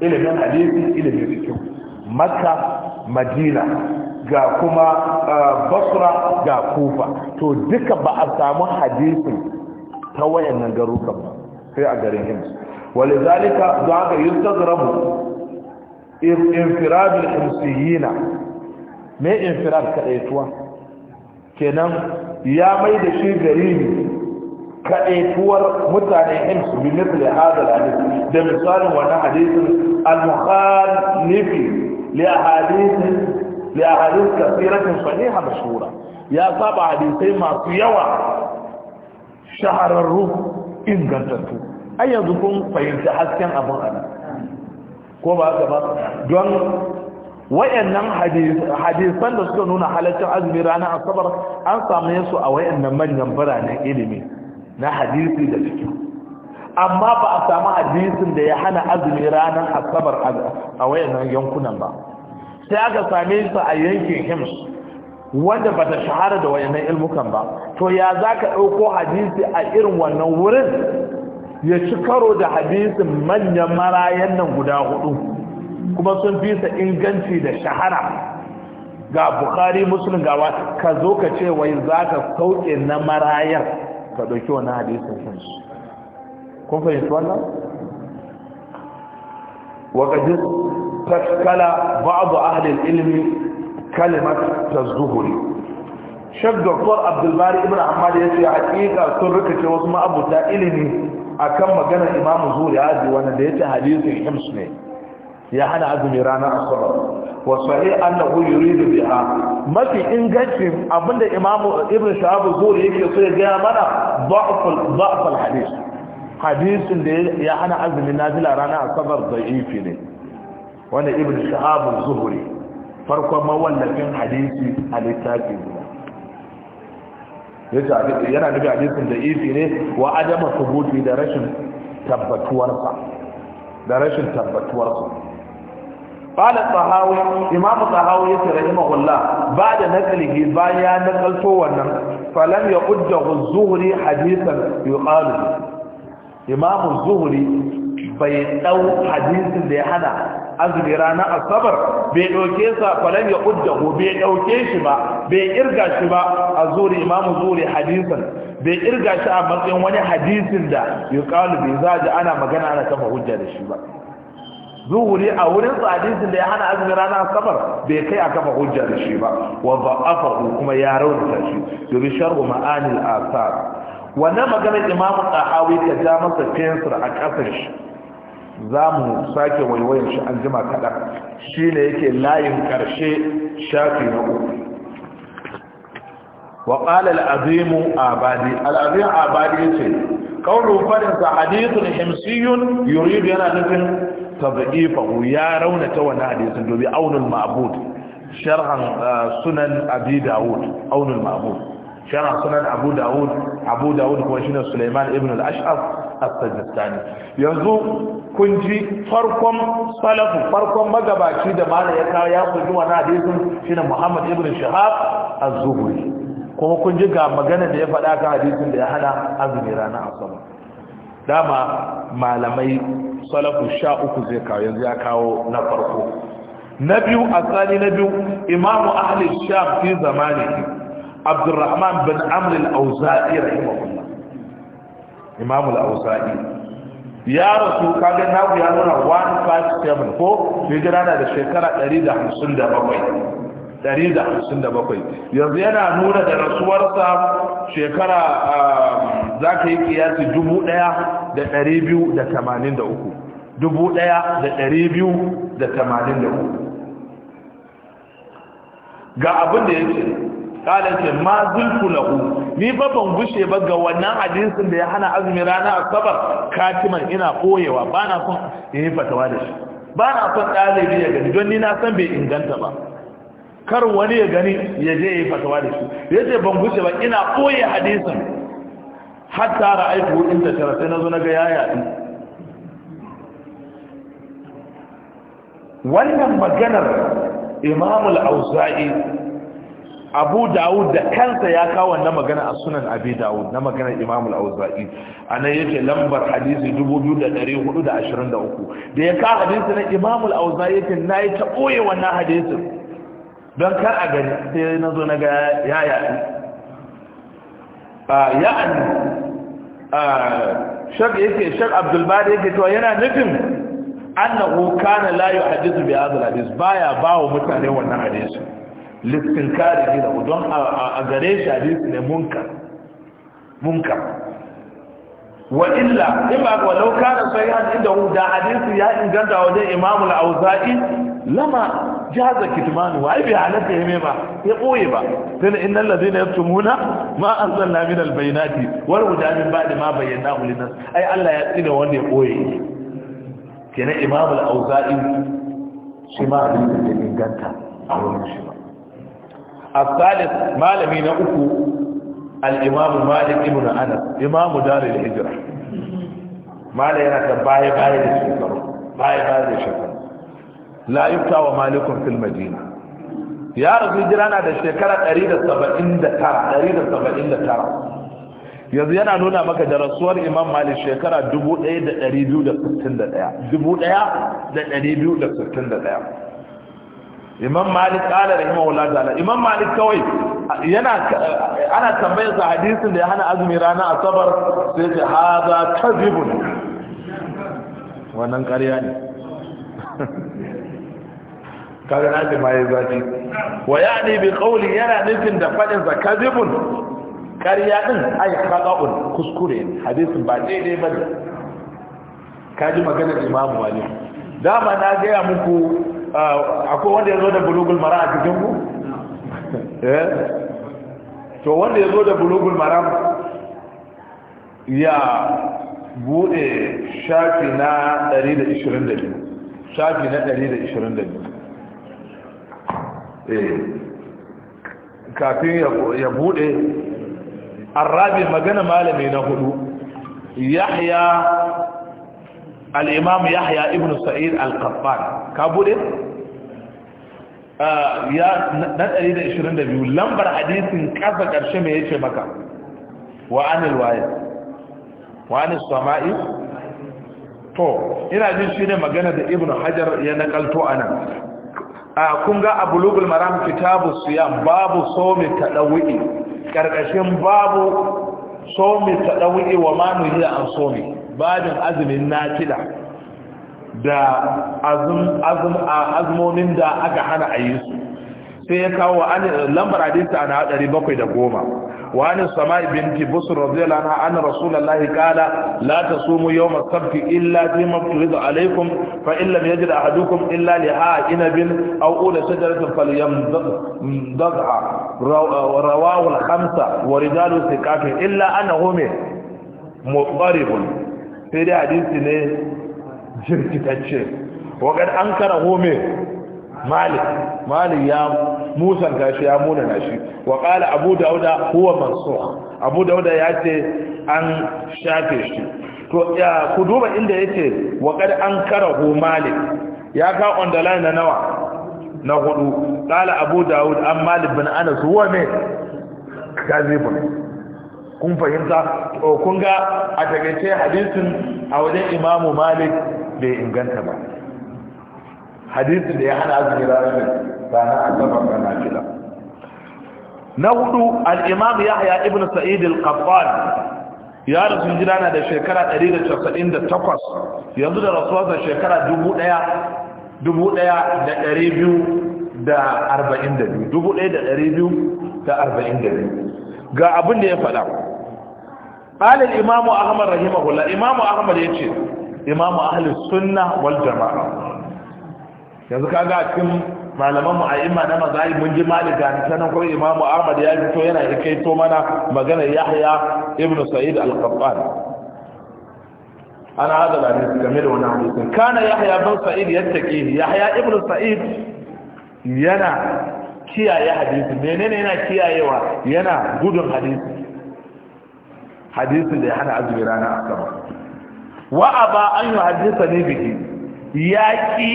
ilimin hadisi ilimin fikihu makka madina ga kuma basra ga kufa to duka ba a samu hadisi ta wayannan garuka ba sai a garin hims walizalika don haka yustazrabu infiradul himsiyina me infirad kadaituwa kenan ya mai da shi garibi kaɗaituwar mutane hims bi mithli hadha al da misalin wani hadisin al-mukhalifi li ahadith bi ahadith kathiratin sahiha mashhura ya saba hadisai masu yawa shahararru ingantattu ai yanzu kun fahimci hasken abin ana ko ba haka ba don wayannan hadisan da suka nuna halaccin azumi ranar asabar an samu su a wayannan manyan biranen ilimi na hadisi da fiki amma ba a samu hadisin da ya hana azumi ranar asabar a wayannan yankunan ba sai aka same su a yankin hims wanda ba ta shahara da wayannan ilmukan ba to ya za ka ɗauko hadisi a irin wannan wurin ya ci karo da hadisin manyan marayan nan guda hudu kuma sun fi sa inganci da shahara ga bukari musulun gawa ka zo ka ce wai za ka sauke na marayar ka ɗauki wani hadisin hims kun fahimci wannan? wakajin takkala ba'adu ahlil ilmi kalimat tazzuhuri shek doktor abdulbari ibn ahmad ya ce hakika sun rikace wasu ma'abuta ilimi akan maganar imamu zuri azi wanda da ya ce hadisin hims ne ya hana azumi ranar asabar wa sahih annahu yuridu biha mafi inganci abinda imamu ibn shahab zuri yake so ya gaya mana da'ful da'ful hadis hadisin da ya hana azumi nafila ranar asabar da'ifi ne Wani ibn shahabun zuhuri farkon mawallafin hadisi a littafi guda yana nufi hadisin da ifi ne wa adama subuti da rashin tabbatuwarsa da rashin tabbatuwarsa قال الطهاوي امام الطهاوي رحمه الله بعد نقله بايا نقلته wannan فلم يقده الزهري حديثا يقال امام الزهري bai dau hadisin da ya hana azumi rana asabar bai ɗauke sa falan ya uddahu bai ɗauke shi ba bai irga shi ba a zuri imam zuri hadisan bai irga shi a matsayin wani hadisin da ya kalu bai ji ana magana ana kafa hujja da shi ba zuhuri a wurin sa hadisin da ya hana azumi rana asabar bai kai a kafa hujja da shi ba wa ba'afa kuma ya raunata shi domin sharhu ma'anil asar wannan maganar imamu tsahawi ta ja masa fensir a ƙasar shi za mu sake waiwayin shi an jima kaɗan shi ne yake layin ƙarshe shafi na uku wa ƙala al'azimu abadi al'azim abadi ya ce ƙaunar farinsa hadithun himsiyun yuridu yana nufin tabi'ifahu ya raunata wani hadisun dobi aunin ma'abud sharhan ah, sunan abi dawud aunin ma'abud Shara sunan abu dawud abu dawud kuma ne suleiman ibn al-ash'af as-sajistani yanzu kun ji farkon salafu farkon magabaci da mana ya kawo ya kunji wani hadisin ne muhammad ibn shahab az-zuhri kuma kun ji ga magana da ya faɗa kan hadisin da ya hana azumi ranar asabar dama malamai salafu sha uku zai kawo yanzu ya kawo na farko na biyu a tsani na biyu imamu ahli sham fi zamani abdurrahman bin amr al-auza'i rahimahullah imam al-auza'i ya rasu kaga naku ya nuna 157 ko hijira na da shekara 157 157 yanzu yana nuna da rasuwarsa shekara um, za ka yi kiyasi 1,283 1,283 ga abin da ya kala ce ma zulku lahu ni fa ban gushe ba ga wannan hadisin da ya hana azumi rana asabar katiman ina koyewa na son in yi fatawa da shi Ba na son ɗalibi ya gani don ni na san bai inganta ba kar wani ya gani ya je ya yi fatawa da shi ya ce ban gushe ba ina koye hadisin hatta ra'aitu in ta tara sai na zo na ga yaya din wannan maganar imamul auza'i abu dawud da kansa ya kawo na magana a sunan abi dawud na magana imam al-auza'i anan yake lambar hadisi 2423 da ya kawo hadisi na imam al-auza'i yake nayi ta boye wannan hadisin don kar a gani sai na zo na ga yaya yaɗi ya an shak yake shak abdulbari yake to yana nufin annahu kana layu yuhaddithu bi hadha al-hadith baya bawo mutane wannan hadisi listin kare gina don a gare shi hadisi ne munkar munkar wa illa in ba ga walau kana sahihan inda hu da hadisi ya inganta wajen imamu al-auza'i lama jaza kitmanu wa bi halaka yame ba ya boye ba sai dan innal ladina yaktumuna ma anzalna min al-bayinati wal huda min ba'di ma bayyanahu lin-nas ai Allah ya tsine wanda ya boye kenan imamu al-auza'i shi ma hadisi ne inganta a wurin shi الثالث مالمي نأكو الإمام مالك ابن أنس إمام دار الهجرة مالي أنا باي باي للشكر باي باي للشكر لا يبتع ومالك في المدينة يا رب الهجرة أنا ده شكرة أريد السبعين ده ترى أريد السبعين ده ترى yanzu yana nuna maka da rasuwar imam malik shekara 1261 1261 imam malik qala rahimahullah ta'ala imam malik kawai yana ana tambayar sa hadisin da ya hana azumi rana asabar sai ce hadha kadhibun wannan ƙarya ne kaga na ma ya zaci wa yani bi qawli yana nufin da fadin sa kadhibun ƙarya din ay khata'un kuskure hadisin ba daidai ba kaji maganar imamu malik dama na gaya muku Ah, akwai wanda ya zo da bulugul mara a cikin ku? Eh? Eh? to wanda ya zo da bulugul mara ya bude shafi na 122 shafi na 122 eh kafin ya bude arabi magana malami na hudu yahya al yahya ibn sa'id al-qattan ka bude ah, ya na 122 lambar hadisin ƙasa ƙarshe me yace maka wa anil wa'id wa sama'i to ina jin shi ne magana da ibn hajar ya nakalto anan a ah, kunga ga abulugul maram Fitabu siyam babu somi tadawi karkashin babu somi tadawi wa ma nuhiya an somi babin azumin nafila da azumomin da aka hana a yi su sai ya kawo lambar hadisi a na 710 وعن السماء بنت بصر رضي الله عنها أن رسول الله قال لا تصوموا يوم السبت إلا فيما افترض عليكم فإن لم يجد أحدكم إلا لحاء إنب أو أولى شجرة فليمضغها رواه الخمسة ورجال ثقات إلا أنه مضطرب sai dai hadisi ne jirkitacce wakar an kara home malik malik ya musanta shi ya munana shi wa abu dauda huwa mansur abu dauda ya ce an shafe shi to ya ku duba inda yake wakar an kara malik ya ka on the line na nawa na hudu kala abu dauda an malik bin anas huwa ne kazibun kun fahimta kun ga a takaice hadisin a wajen imamu malik bai inganta ba hadisin da ya hana azumi ranar a asabar ranar fila na hudu al'imam yahya ibn sa'id al ya rasu jira na da shekara 198 yanzu da da shekara 1242 ga abin da ya faɗa قال الإمام أحمد رحمه الله إمام أحمد يتشي إمام أهل السنة والجماعة yanzu kaga a cikin malaman mu a imma na mazai mun ji malika ta nan kuma imamu ahmad ya fito yana to mana magana yahya ibnu sa'id al-qattan ana hada da hadisi game da wani hadisin kana yahya bin sa'id yattaqi yahya ibnu sa'id yana kiyaye hadisi menene yana kiyayewa yana gudun hadisi hadisin da ya hana azumi ranar asabar wa ba an yi hadisa ne biki ya ki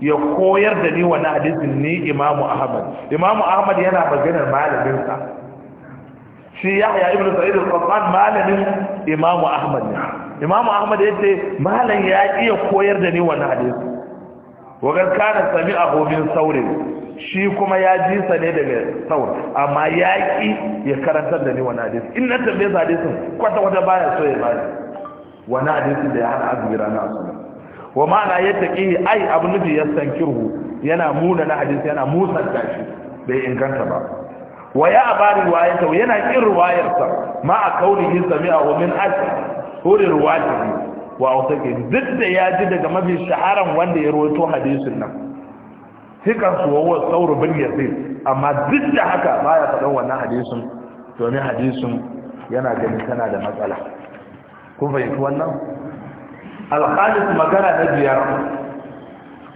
ya koyar da ni wani hadisin ni imamu ahmad imamu ahmad yana maganar malaminsa shi yahya ibn sa'id al-qattan malamin imamu ahmad ne imamu ahmad ya ce malam ya iya koyar da ni wani hadisi wa gar na sami min saurin shi kuma ya ji sa ne daga sau amma ya ki ya karantar da ni wani hadisi in na tambaye sa hadisin kwata kwata baya so ya bani wani hadisi da ya hana azumi rana su. wa ma'ana ya taƙi ai abu nufi ya kirhu. yana muna na hadisi yana da shi bai inganta ba wa ya abari riwayata yana ƙin riwayarsa ma a kaunihi sami'a wa min ruwa ta ruwatihi wa autake duk da ya ji daga mafi shaharan wanda ya rawaito hadisin nan hikan su wa tsauru bin yasir amma duk da haka baya faɗan wannan hadisin domin hadisin yana ganin tana da matsala bai fahimci wannan alhalis magana na biyar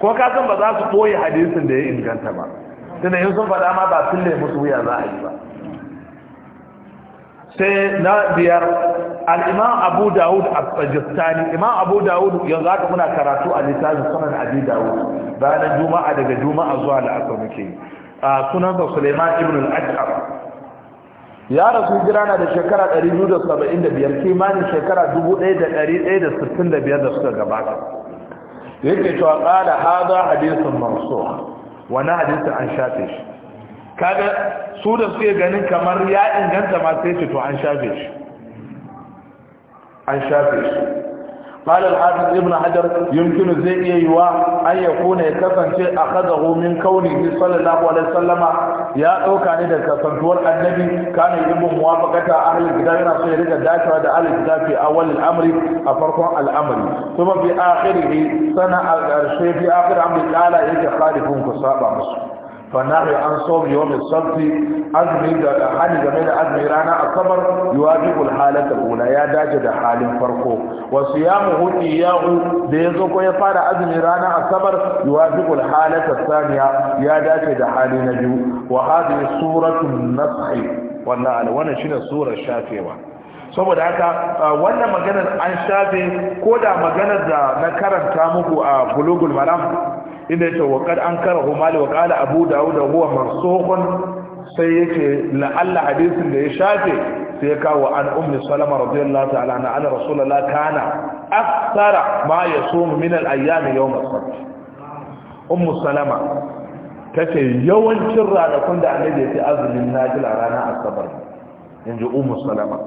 ko ka san ba za su ɓoye hadisin da ya inganta ba tunda yin sun faɗa ma ba sun musu wuya za a yi ba sai na biyar al'imam abu dawud a fajistani imam abu dawud yanzu haka muna karatu a littafin sunan abi dawud bayanan juma'a daga juma'a zuwa la'asar muke sunansa suleiman ibn al'ashar ya rasu jira na da shekara 275 kimanin shekara 1165 da suka gabata yake cewa ƙada haza hadisun mansuwa wani hadisun an shafe shi kaga su da suke ganin kamar ya inganta masu sai ce to an shafe shi an shafe shi قال الحافظ ابن حجر يمكن زي يوا ان يكون كفنتي اخذه من كونه صلى الله عليه وسلم يا دوka ne da kafantuwar annabi kana ibn muwafaqata ahli kitab yana so ya rika dacewa da ahli kitab fi awal al-amri a farkon al-amri kuma bi akhirih sana al-arshi fi akhir amri qala yake khalifun ku saba musu فنهي عن صوم يوم السبت أزمي حالي جميل أزمي رانا الصبر يواجب الحالة الأولى يا داجد حال فرقه وصيامه إياه بيزوكو يفعل أزمي رانا الصبر يواجب الحالة الثانية يا داجد حال نجو وهذه سورة النصح والله على وانا شنو السورة الشافية saboda haka wannan maganar an shafe ko da maganar da na karanta muku a bulugul maram inda yake wa an karahu mali wa ƙala abu da daud huwa mansukhun sai yake la'alla hadisin da ya shafe sai ya kawo an ummi salama radiyallahu ta'ala na anna rasulullah kana akthara ma ya min al-ayyam yawm as-sabt ummu salama ce yawancin ranakun da annabi ya ce azumin Najila ranar asabar in ji ummu salama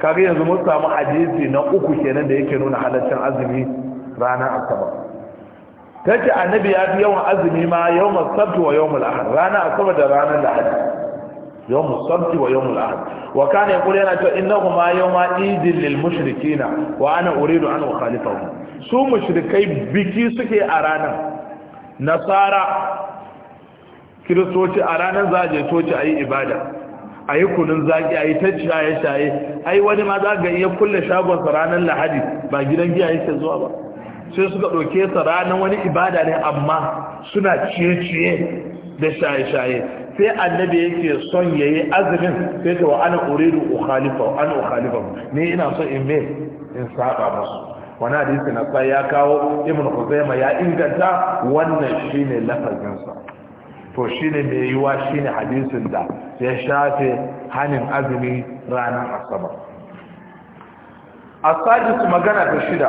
kaga yanzu mun samu hadisi na uku kenan da yake nuna halaccin azumi ranar asabar kace annabi ya fi yawan azumi ma yawmul sabt wa yawmul ahad rana asabar da ranar lahad yawmul sabt wa yawmul ahad wa kana yaqulu yana innahu ma yawma idil lil mushrikina wa ana uridu an ukhalifahum su mushrikai biki suke a ranar nasara kiristoci a ranar za a je toci a ibada ayi kunun zaki ayi yi ta shaye-shaye ai wani ma za ga iya kulle shagonsa ranar lahadi ba gidan giya yake zuwa ba sai suka ɗauke sa ranar wani ibada ne amma suna ciye-ciye da shaye-shaye sai annabi yake son ya yi azumin sai ta wa ana uridu ukhalifa ana ukhalifa ne ina son in me in saba musu wani hadisi na sai ya kawo ibn Khuzaimah ya inganta wannan shine lafazin sa to shine mai yiwa shine hadisin da ya shafe hanin azumi ranar asabar A asadisu magana ta shida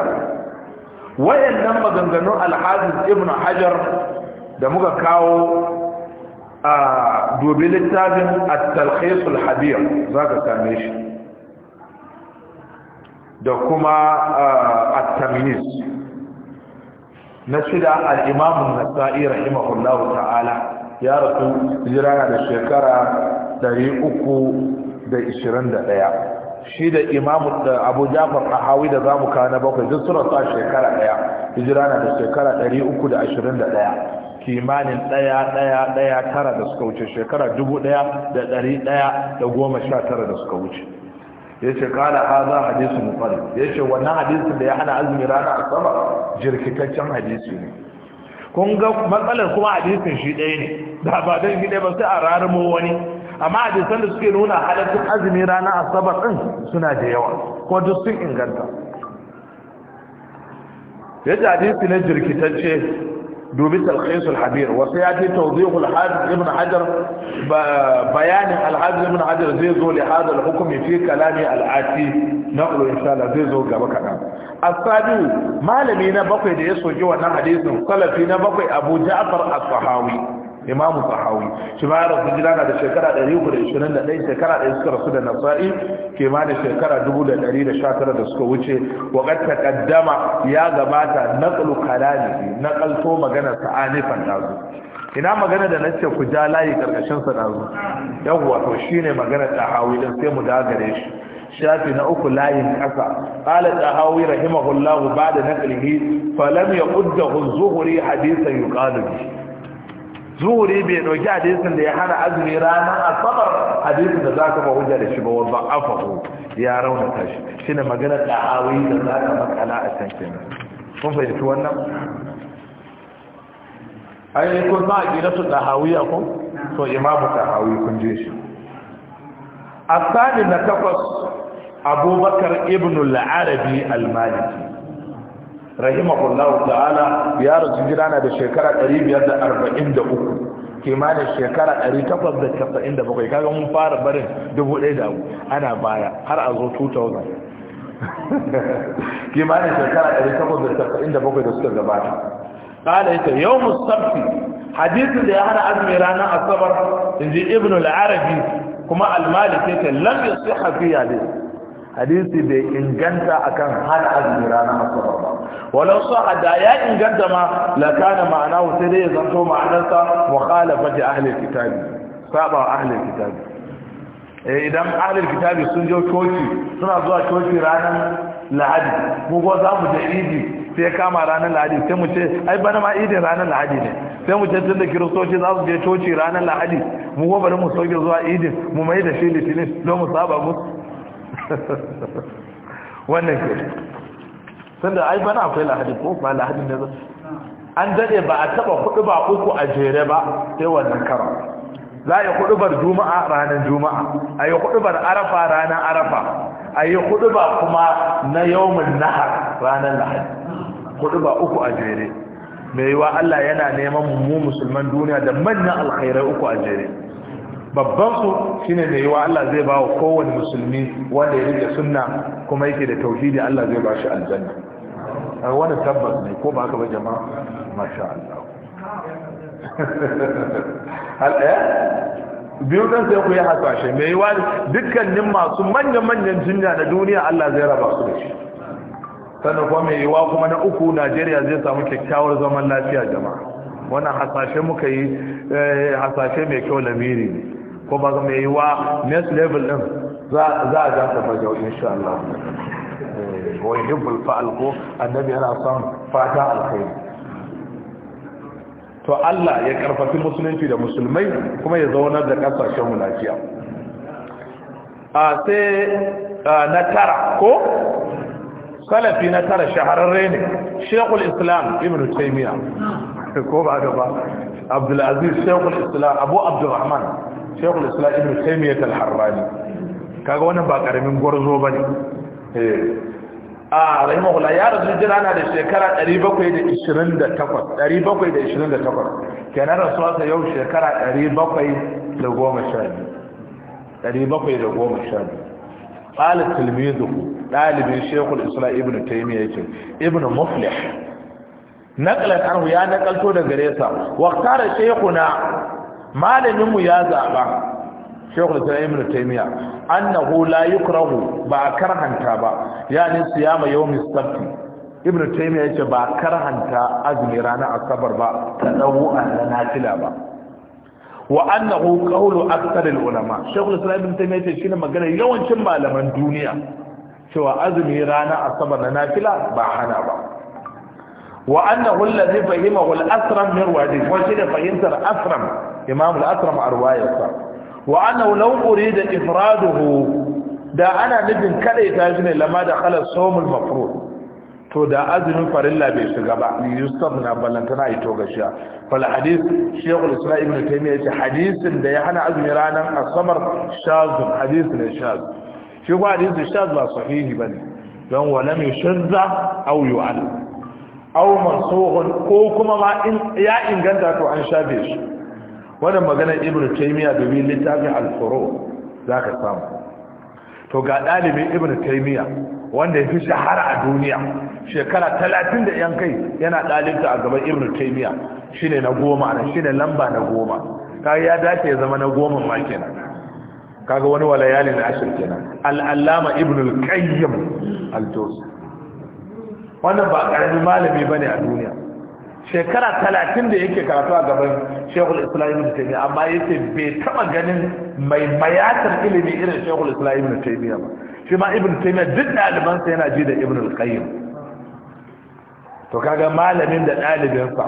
wayannan maganganun alhazin ibn hajar da muka kawo a dubi littafin at-talkhisul habir zaka same shi da kuma at-tamyiz na shida al-imam an-nasa'i rahimahullahu ta'ala ya rasu jira da shekara 321 shi da imamu da abu jafar ɗahawi da zamu kawo na bakwai duk suna sa shekara ɗaya hijira na da shekara uku da da ashirin daya. kimanin ɗaya ɗaya ɗaya tara da suka wuce shekara dubu ɗaya da ɗari ɗaya da goma sha tara da suka wuce ya ce kala haza hadisu mufari ya ce wannan hadisu da ya hana azumi rana asabar jirkitaccen hadisu ne kun ga matsalar kuma hadisin shi ɗaya ne da ba don gida ba sai a rarimo wani amma hadisan da suke nuna halattun azumi ranar asabar din suna da yawa ko duk sun inganta yadda hadisi na jirkitacce dubi talqis al-habir wa sayati tawdih al-hafiz ibn hajar bayan al-hafiz ibn hajar zai zo li hada al fi kalami al na naqlu insha zai zo gaba kadan A sadi malami na bakwai da ya soke wannan hadisin salafi na bakwai abu ja'far as-sahawi imamu tahawi shi ma rasu gida na da shekara 321 shekara ɗaya suka rasu da nasa'i da shekara 1119 da suka wuce Wakar ta taqaddama ya gabata naqlu na ƙalto magana ta anifan dazu ina magana da nace ku ja layi ƙarƙashin sa dazu yawwa to shine magana tahawi don sai mu dagare shi shafi na uku layin ƙasa ƙala tsahawi rahimahullahu ba da naƙalihi falam ya ƙudda zuhuri hadisan yuƙalubi zuhuri bai ɗauki hadisin da ya hana azumi ranar asabar hadisin da za ka ba hujja da shi ba wa ba'afahu ya raunata shi shine maganar da'awi da za ka makala a can kenan kun fahimci wannan ai kun ma aqidatu dahawiya ko to imamu hawi kun je shi asali na takwas abubakar ibn al-arabi al-maliki rahimahullahu ta'ala ya rasu jira na da shekara 543 kimanin shekara 897 kaga mun fara barin 1000 ana baya har a zo 2000 kimanin shekara 897 da suka gabata kala ita yau musabti hadisi da ya hana azumi ranar asabar inji ibn al-arabi kuma al-malik yake lam yasiha fi hadisi bai inganta akan hana azumi ranar asabar ba walau sa da ya inganta ma lakana ma'ana ma'anahu sai dai ya zanto ma'anarsa mukhalafati ahli kitabi saba ahli kitabi eh idan ahli kitabi sun je coci suna zuwa coci ranar lahadi mu go za mu je idi sai kama ranar lahadi sai mu ce ai bana ma idin ranar lahadi ne sai mu ce tun da kiristoci za su je coci ranar lahadi mu go bari mu soke zuwa idin mu mai da shi litinin don mu saba musu wannan ke sanda ai na akwai lahadi ko ba lahadi ne an dade ba a taba kudu ba uku a jere ba sai wannan karo za a yi hudubar juma'a ranar juma'a a yi hudubar arafa ranar arafa a yi hudubar kuma na yawon nahar ranar lahar hudubar uku a jere mai yiwa Allah yana neman mu musulman duniya da manyan alkhairai uku a jere babban su shine mai yiwa Allah zai ba wa kowane musulmi wanda ya rike sunna kuma yake da tauhidi Allah zai ba shi aljanna wani tabbas ne ko ba haka ba jama'a masha Allah hal ɗaya eh? biyu ɗan sai ku yi hasashe mai yiwa dukkanin masu manya-manyan jinya na duniya Allah zai raba su da shi sannan kuma mai yiwa kuma na uku Najeriya zai samu kyakkyawar zaman lafiya jama'a wannan hasashe muka yi eh, hasashe mai kyau lamiri ne ko ba mai yiwa next level ɗin za a gasa fajau insha Allah Wai yuhibbul fa'al annabi yana son fata alkhairi to Allah ya karfafi musulunci da musulmai kuma ya zauna da kasashen munafiya a sai na tara ko salafi na tara shahararre ne shekul islam ibn taymiya ko ba Abdul abdulaziz shekul islam abu abdurrahman shekul islam ibn taymiya al-harrani kaga wannan ba karamin gwarzo bane ne. Eh. a hula ya rasu jira na da shekara 728 kenan rasu wasa yau shekara 712 ƙalin tilmizu ɗalibin shekul isra ibn taimiyya yake ibn muflih naƙalar anhu ya naƙalto da gare sa waktarar shekuna malaminmu ya zaɓa shekul islam ibn taymiya annahu la yukrahu ba a karhanta ba su yani siyama yawmi sabt ibn taymiya ce ba a karhanta azumi ranar asabar ba ta dawo a nafila ba wa annahu qawlu akthar al ulama shekul islam ibn ce, shi ne magana yawancin malaman duniya cewa azumi ranar asabar na nafila ba hana ba wa annahu alladhi fahimahu al asram min wadi shi ne fahimtar asram imam al asram arwayarsa wa annahu law da ifraduhu da ana nufin kada ta shine lama da khala sawmul mafro. to da azumin farilla bai shiga ba ni yusuf na ballantana ito gashiya fal hadith shaykhul islam ibn taymiyyah yace hadisin da ya hana azumi ranar asabar shazun hadith ne shaz shi ba hadith shaz ba sahihi bane don walam yushazza aw yu'al aw mansukh ko kuma ma ya inganta to an shafe shi wannan maganar ibnu taymiya domin littafin al-furu zaka samu to ga dalibin ibnu taymiya wanda ya fi shahara a duniya shekara talatin da yan kai yana ɗalibta a gaban ibn taimiya shi ne na goma na shi ne lamba na goma kaga ya dace ya zama na goma ma kenan kaga wani walayali na ashir kenan al'allama ibn al-qayyim al-jos wannan ba ƙaramin malami ba ne a duniya shekara talatin da yake karatu a gaban shekul islam ibn taymiya amma yake bai taba ganin mai mayatar ilimi irin shekul islam ibn taymiya ba shi ma ibn taymiya duk ɗalibansa yana ji da ibn al-qayyim to kaga malamin da ɗalibinsa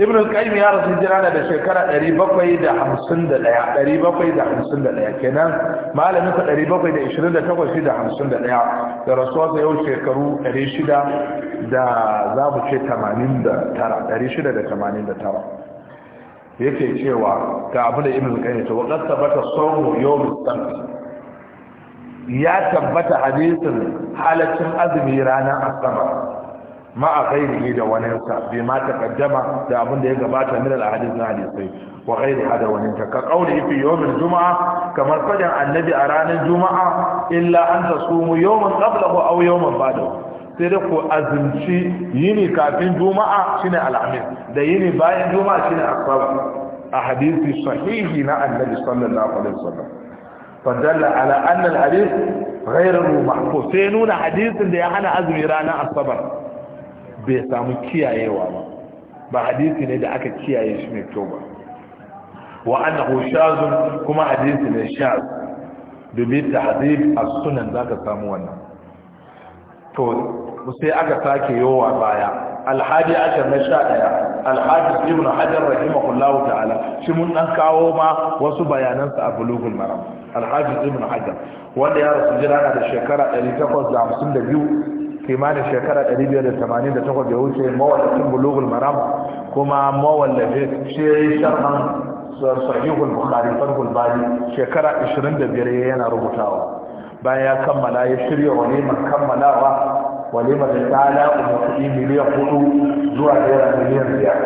ibn qayyim ya rasu jirana da shekara 751 751 kenan malamin sa 728 da 51 da rasuwa sa yau shekaru 600 da za mu ce 89 689 yake cewa ga abu da ibn qayyim ta waqad tabata sawmu yawm al ya tabbata hadisin halacin azumi ranar asabar ma'a ghairihi da sa bai ma taqaddama da abin da ya gabata min al-ahadith na hadisai wa ghairi hada wani ta ka qawli fi yawm al-jum'a kamar fadan annabi a ranar juma'a illa an tasumu yawman qablahu aw yawman ba'dahu sai da ku azumci yini kafin juma'a shine al-amin da yini bayan juma'a shine asabar a hadisi sahihi na annabi sallallahu alaihi wasallam fadalla ala anna al-hadith ghayru mahfuz sai nuna hadisin da ya hana azumi ranar asabar bai samu kiyayewa ba ba hadisi ne da aka kiyaye shi mai kyau ba wa annahu shazun kuma hadisi ne shaz domin tahdhib as-sunan zaka samu wannan to sai aka sake yowa baya alhaji ashir na sha ɗaya alhaji ibn hajar rahimahullahu ta'ala shi mun dan kawo ma wasu bayanansa a bulugul maram alhaji ibn hajar wanda ya rasu jira na da shekara 852 kimanin shekara 1988 da wuce mawallafin bulugul maram kuma mawallafin shi ya yi sharhan sahihul bukhari farkul bali shekara 25 yana rubutawa bayan ya kammala ya shirya walimar kammalawa wani da ta alaƙa kuɗi miliyan hudu zuwa daya miliyan biyar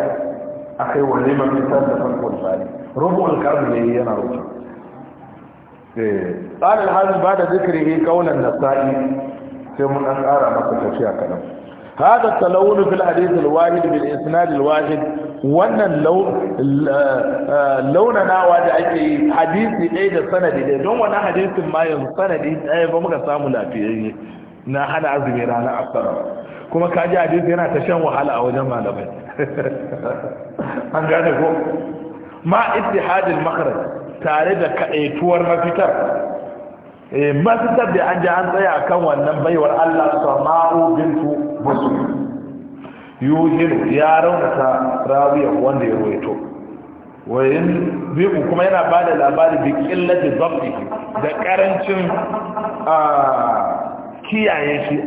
akai walimar fitar da farkul bali rubul karni ne yana rubuta قال الحافظ بعد ذكره قول النسائي sai mun dan ƙara masa tafiya kaɗan هذا التلون في الحديث الواحد بالإسناد الواحد وأن da ake ناوى أي da أي سندي ده دون وانا حديث ما sanadi أي ba muka samu lafiyayye. na hana azumi ranar asara kuma ka ji hadisi yana ta shan wahala a wajen malamai an gane ko ma ittihadil makhraj tare da kadaituwar mafitar Eh, masu tabbi an ji an tsaya kan wannan baiwar Allah sama'u bintu musu yuhiru ya raunata rawiya wanda ya ruwaito wayin biku kuma yana ba da labari bi killati zafi da karancin kiyaye shi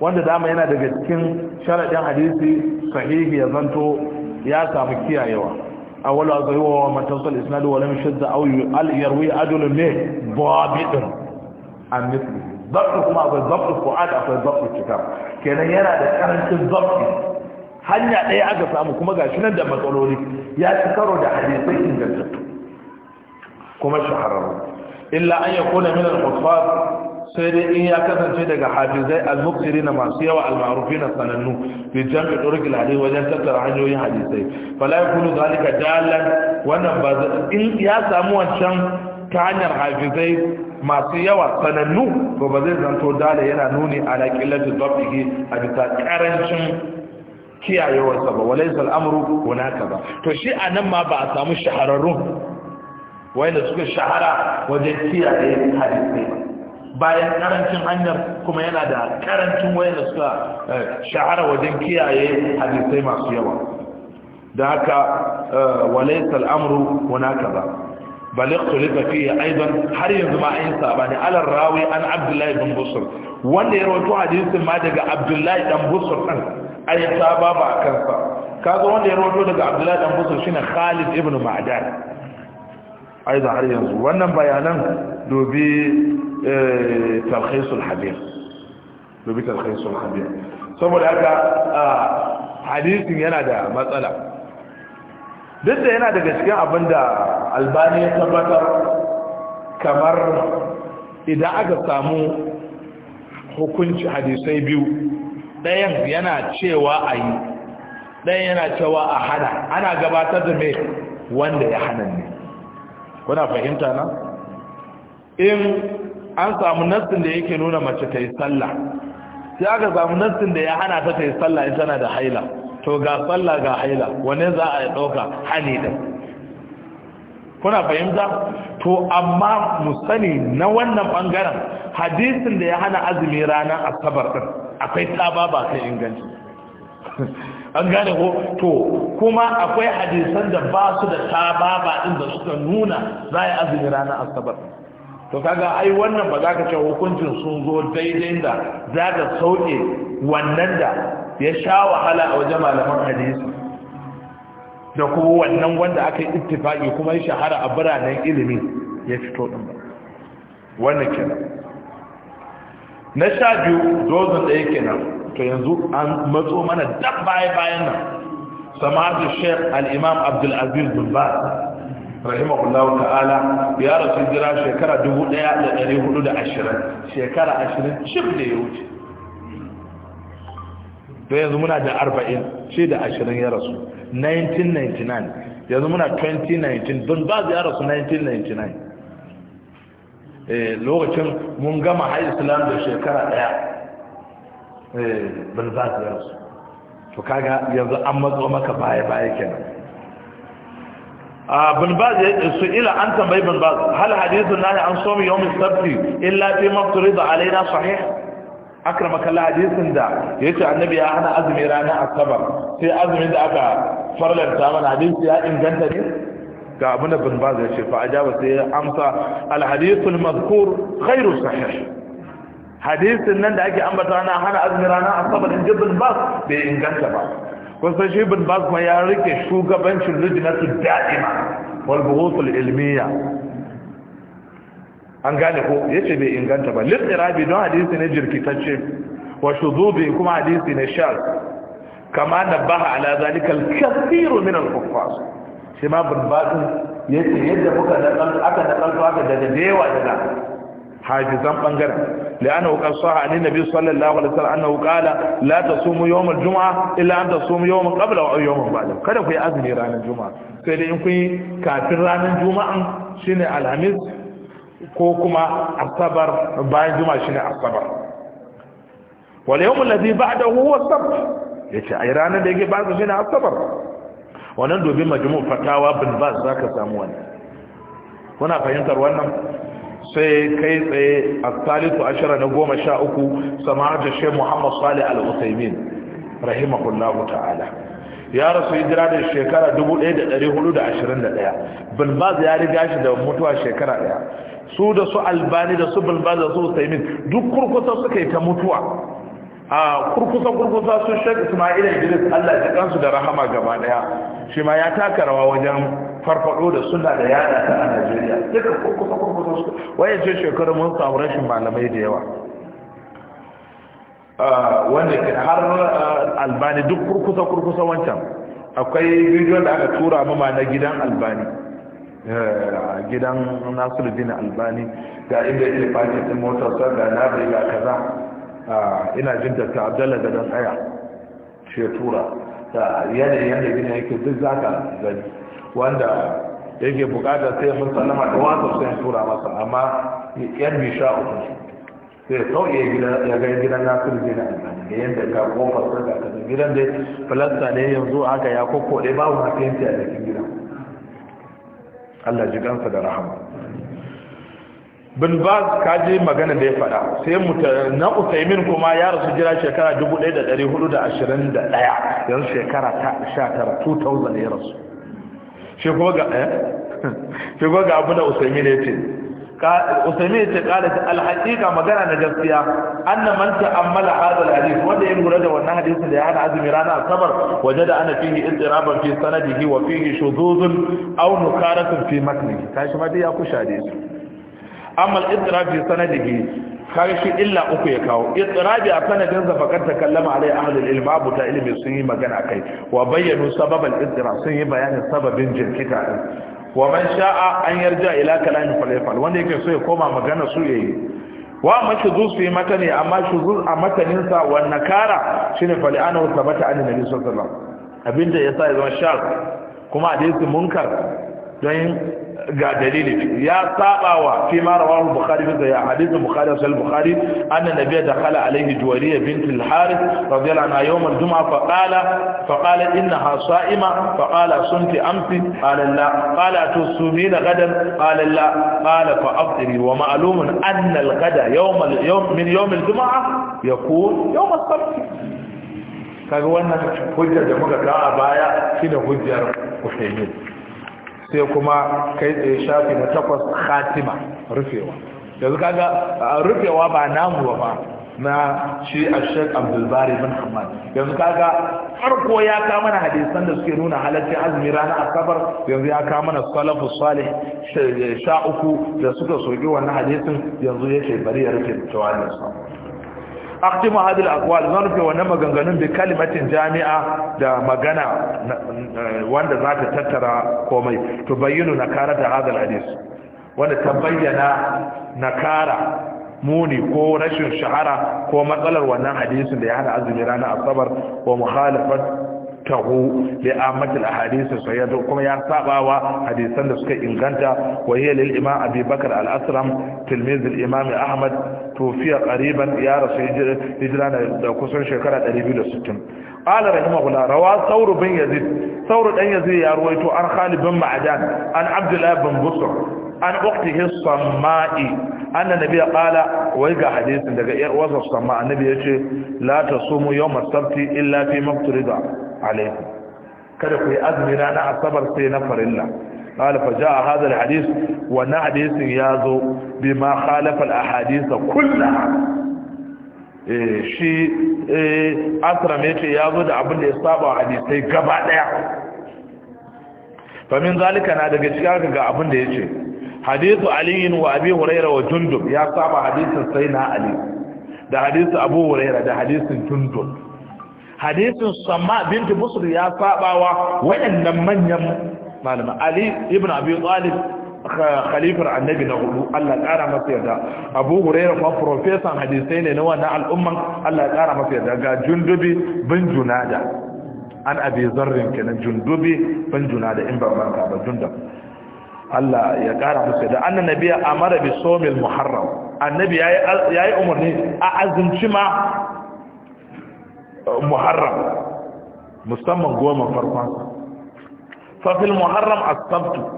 wanda dama yana daga cikin sharaɗin hadisi sahihi ya zanto ya samu kiyayewa A wala zai wa man tawsal isnadu wa lam yashadda aw yarwi adlun ne babidun an misli zaɓi kuma akwai zaɓi fu'ad akwai zaɓi kitab kenan yana da ƙarancin zaɓi hanya ɗaya aka samu kuma ga shi nan da matsaloli ya ci karo da hadisai ingantattu kuma shahararru illa an yakuna min al-hufaz sai dai in ya kasance daga hafizai al-muqsiri na masu yawa al-ma'rufi na sanannu fi jami'i turkil hadisi wajen tattara hanyoyin hadisai fala yakunu zalika dalan wannan ba in ya samu wancan ta hanyar hafizai masu yawa sanannu to ba zai zanto dala yana nuni ala qillati dabbihi a bisa karancin kiyayewarsa ba walaysa wani hunaka ba to shi a nan ma ba a samu shahararrun wanda suka shahara wajen kiyaye hadisai bayan karancin hanyar kuma yana da karancin wanda suka eh, shahara wajen kiyaye hadisai masu yawa da haka eh, walaysa wani hunaka ba balik tulita fiye har yanzu ma sabani alar rawi an abdullahi bin busur wanda ya rawaito hadisin ma daga abdullahi dan busur ɗan an saba ba a kansa kaga wanda ya rawaito daga abdullahi dan busur shine khalid ibn ma'adan aiza har yanzu wannan bayanan dobi eh, talhisul habir dobi talhisul habir saboda haka ah, hadisin yana da matsala duk da yana daga cikin abin da albani ya tabbatar kamar idan aka samu hukunci hadisai biyu ɗayan yana cewa a yi ɗayan yana cewa a hana ana gabatar da mai wanda ya hana ne kuna fahimta na in an samu nassin da yake nuna mace ta yi sallah sai aka samu nassin da ya hana ta ta yi sallah in tana da haila to ga sallah ga haila wane za a yi ɗauka hali da kuna fahimta to amma musani na wannan ɓangaren hadisin da ya hana azumi ranar asabar ɗin akwai tsaba ba kai inganci an gane ko to kuma akwai hadisan da ba su da tsaba ba ɗin da suka nuna za a yi azumi ranar asabar to kaga ai wannan ba za ka ce hukuncin sun zo daidai da za ka sauke wannan da ya sha wahala a wajen malaman hadisi da kuma wannan wanda aka yi ittifaki kuma ya shahara a biranen ilimi ya fito ɗin ba wannan kenan na sha biyu dozin ɗaya kenan to yanzu an matso mana dab baya bayan nan samadu sheikh al-imam abdul aziz bin baz rahimahullahu ta'ala ya rasu jira shekara 1420 shekara 20 cif da ya wuce don yanzu muna da 40 shi da 20 ya rasu 1999 yanzu muna 2019 don ba ya rasu 1999 eh lokacin mun gama high islam da shekara daya eh bin ya rasu to kaga yanzu an matso maka baya baya kenan ah, bin baz su ila an tambayi bin baz hal hadithun nahi an somi yawmin sabti illa fi da alaina sahih akrama kalla hadisin da ya ce annabi ya hana azumi ranar asabar sai azumin da aka farlanta mana hadisi ya inganta ne ga abin da bin baz ya ce fa ajaba sai ya amsa al hadithul mazkur khairu sahih hadisin nan da ake ambata na hana azumi ranar asabar in jibin baz bai inganta ba kusan shi bin baz ma ya rike shugabancin rijinatul da'ima wal buhutul ilmiya an gane ko ce bai inganta ba litirabi don hadisi ne jirkitacce wa shuzubi kuma hadisi ne shaz kama nabaha ala zalika al-kathiru min al-kuffar shi ma bin Ya ce yadda muka da aka da kalto aka daga dewa daga hajizan bangaren la'anna qad saha an nabi sallallahu alaihi wasallam annahu qala la tasumu yawm al-jum'a illa an tasumu yawman qabla wa yawman ba'da kada ku yi azumi ranar juma'a sai dai in kun yi kafin ranar juma'an shine alhamis ko kuma asabar bayan juma shi ne asabar wal yawmul ladhi ba'dahu huwa sabt yace ai ranar da yake ba su ne asabar wannan dobi majmu fatawa bin bas zaka samu wani kuna fahimtar wannan sai kai tsaye a salisu ashara na goma 13 da shi Muhammad Salih al-Utsaimin rahimahullahu ta'ala ya rasu hijira da shekara 1421 bin baz ya riga shi da mutuwa shekara daya su da su albani da su balbani da su taimin duk kurkusa suka yi ta mutuwa a kurkusa kurkusa su shek ismaila idris allah ya kansu da rahama gaba daya shi ma ya taka rawa wajen farfado da suna da yada ta a najeriya duka kurkusa kurkusa su waye ce shekaru mun samu rashin malamai da yawa wanda ke har albani duk kurkusa kurkusa wancan akwai bidiyon da aka tura mama na gidan albani Eh, gidan nasiruddin albani ga inda ya fakin motar motarsa ga nabi ga kaza ah, ina jin da ta abdalla da dan aya ce tura da yanayin yadda gina yake duk zaka gani wanda yake bukatar sai mun sallama da wasu sai tura masa amma yan bisha uku sai sauye ya ga gidan nasiru zai na albani da yadda ga kofar sarka ta gidan da falasta ne yanzu haka ya kokko dai babu hafiyanta a cikin gidan Allah ji gansa da rahama bin baz ji magana da ya faɗa sai mutum na usaimin kuma ya rasu jira shekara 1421 yanzu shekara ta 19 2000 ya rasu shi eh? ga abu da usaimin ya ce usaimi ce kala ta alhaƙiƙa magana na gaskiya anna man ta'ammala hadha alhadith wanda ya lura da wannan hadisin da ya hada azumi rana asabar da ana fihi istiraban fi sanadihi wa fihi shuzuzun aw nukaratun fi matnihi kashi ma dai ya kusha dai amma al-istirab fi sanadihi kashi illa uku ya kawo istirabi a sanadin sa kanta ta kallama alai ahlul ilm abu ta ilmi sun yi magana kai wa bayyanu sababal istirab sun yi bayanin sababin jinkita wa man sha'a an yarja ila kalami falfal wanda yake so ya koma magana su yayi wa su yi mata matani amma shi zu a matanin sa wa nakara shine wa sabata an nabi sallallahu alaihi wasallam abinda yasa ya zama shar kuma hadisi munkar don ga dalili ya sabawa fi ma rawahu bukhari da hadith bukhari wa sal bukhari anna nabiyya dakhala alayhi juwariya bint al harith radiyallahu anha yawm al jum'a fa qala fa qala innaha sa'ima fa qala sunti amsi qala la qala tusumina gadan qala la qala fa afdiri wa ma'lum anna al ghada yawm al yawm min yawm al jum'a yakun yawm al sabt kaga wannan hujja da muka kawo a baya da hujjar Uthaymeen sai kuma kai tsaye shafi na takwas khatima rufewa yanzu kaga rufewa ba namu ba na shi a shek abdulbari bin hamad yanzu kaga farko ya kama mana hadisan da suke nuna halarci azumi rana asabar yanzu ya kama mana salafu salih sha uku da suka soki wannan hadisin yanzu yake bari ya rufe tawalin sa aqtimu hadhihi al zan rufe maganganun bi kalimatin jami'a da magana wanda za ta tattara komai to bayyinu nakara da hadha al wanda ta bayyana nakara muni ko rashin shahara ko matsalar wannan hadisin da ya hana azumi ranar asabar wa mukhalafat tahu da amatul ahadith sayyid kuma ya sabawa hadisan da suka inganta wa hiya lil imam abi bakr al asram tilmiz al imam ahmad tofiya ƙariban ya rasu hijira da kusan shekara 260 ƙala da kuma kula rawa sauru bin yazid sauru ɗan yazid ya ruwaito an khali bin ma'adan an abdullah bin busur an ukti hisson ma'i an na wai ga hadisin daga yar wasa sama annabi ya ce la ta sumu yau masarti illa fi mafturi ga kada ku yi azumi rana asabar sai na farilla قال فجاء هذا الحديث وانا حديث يازو بما خالف الاحاديث كلها shi asram ya ce ya zo da abin da ya saba hadisai gaba ɗaya. famin zalika na daga cikin haka ga abin da ya ce hadisu aliyin wa abi huraira wa jundub ya saba hadisin sai na ali da hadisu abu huraira da hadisin jundub hadisin sama binti Musul ya saba wa waɗannan manyan malama ali ibn abi talib khalifar annabi na hudu Allah kara masa yarda Abu Huraira kuma professor hadisai ne na wannan al'umman Allah kara masa yarda ga Jundubi bin Junada an Abi Zarrin kenan Jundubi bin Junada in ba manka ba Jundub Allah ya kara masa yarda annabi ya amara bi somil muharram annabi yayi yayi umarni a azumci ma muharram musamman goma farkon Fafil muharram asabtu sabt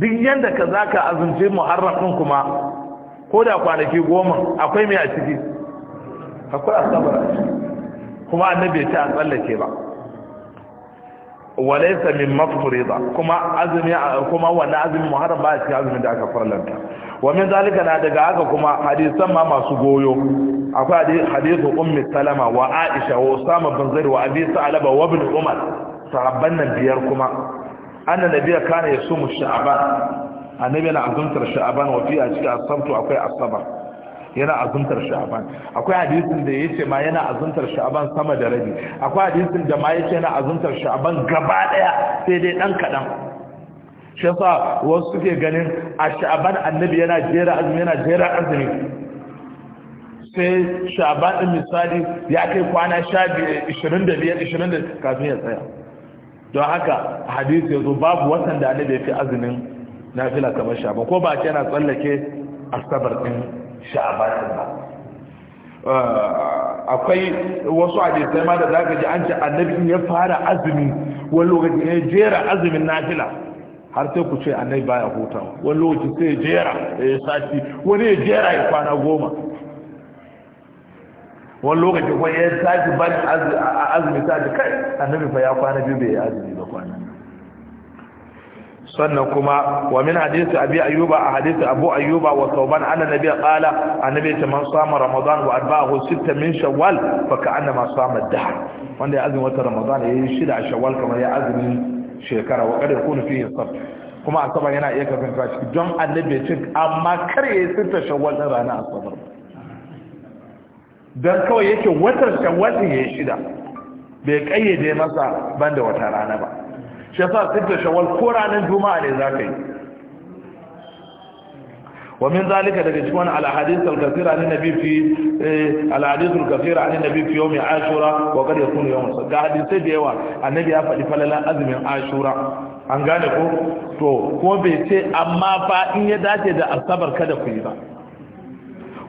duk yanda ka zaka azumce muharram din kuma ko da kwanaki goma akwai mai a ciki akwai asabar a ciki kuma annabi ta tsallake ba walaysa min mafrida kuma azumi kuma wannan azumin muharram ba a cikin azumin da aka farlanta wa min zalika na daga haka kuma hadisan ma masu goyo akwai hadisu ummi salama wa aisha wa usama bin zaid wa abi sa'laba wa ibn umar sahabban nan biyar kuma anna nabiya kana yasumu sha'ban annabi yana azumtar sha'ban wa fi a cikin asabtu akwai asabar yana azumtar sha'ban akwai hadisin da yace ma yana azumtar sha'ban sama da rabi akwai hadisin da ma yace yana azumtar sha'ban gaba daya sai dai dan kadan shi yasa wasu suke ganin a sha'ban annabi yana jera azumi yana jera azumi sai sha'ban din misali ya kai kwana 25 20 kafin ya tsaya don haka hadisi yanzu babu watan da da ya fi azumin na fila kamar sha'ban ko ba na tsallake asabar din sha'ban ba eh, akwai wasu hadisai ma da za ka ji an ce annabi ya fara azumi wani lokaci ya jera azumin na fila har sai ku ce annabi baya hutawa wani lokaci sai jera ya sati wani ya jera ya kwana goma wani lokaci kuma ya tashi ban azumi ta da kai annabi fa ya kwana biyu bai azumi ba kwana sannan kuma wa min hadisi abi ayyuba a hadisi abu ayyuba wa sauban anna nabiy qala annabi ta man sama ramadan wa atba'ahu sitta min shawwal fa ka'anna ma sama dahr wanda ya azumi wata ramadan yayi shida a shawwal kamar ya azumi shekara wa kada yakunu fihi sab kuma asabar yana iya kasancewa cikin don annabi ya ce amma kar yayi sitta shawwal din rana asabar don kawai yake watan wata ya shida bai kayyade masa banda wata rana ba shi yasa sitta shawal ko ranar juma'a ne ka yi ومن ذلك تجدون al حديث الكثير عن النبي في على حديث الكثير عن النبي في يوم عاشوراء ya يكون يوم Ga Hadisai da yawa annabi ya faɗi falalan azumin ashura an gane ko to ko bai ce amma fa in ya dace da asabar kada ku yi ba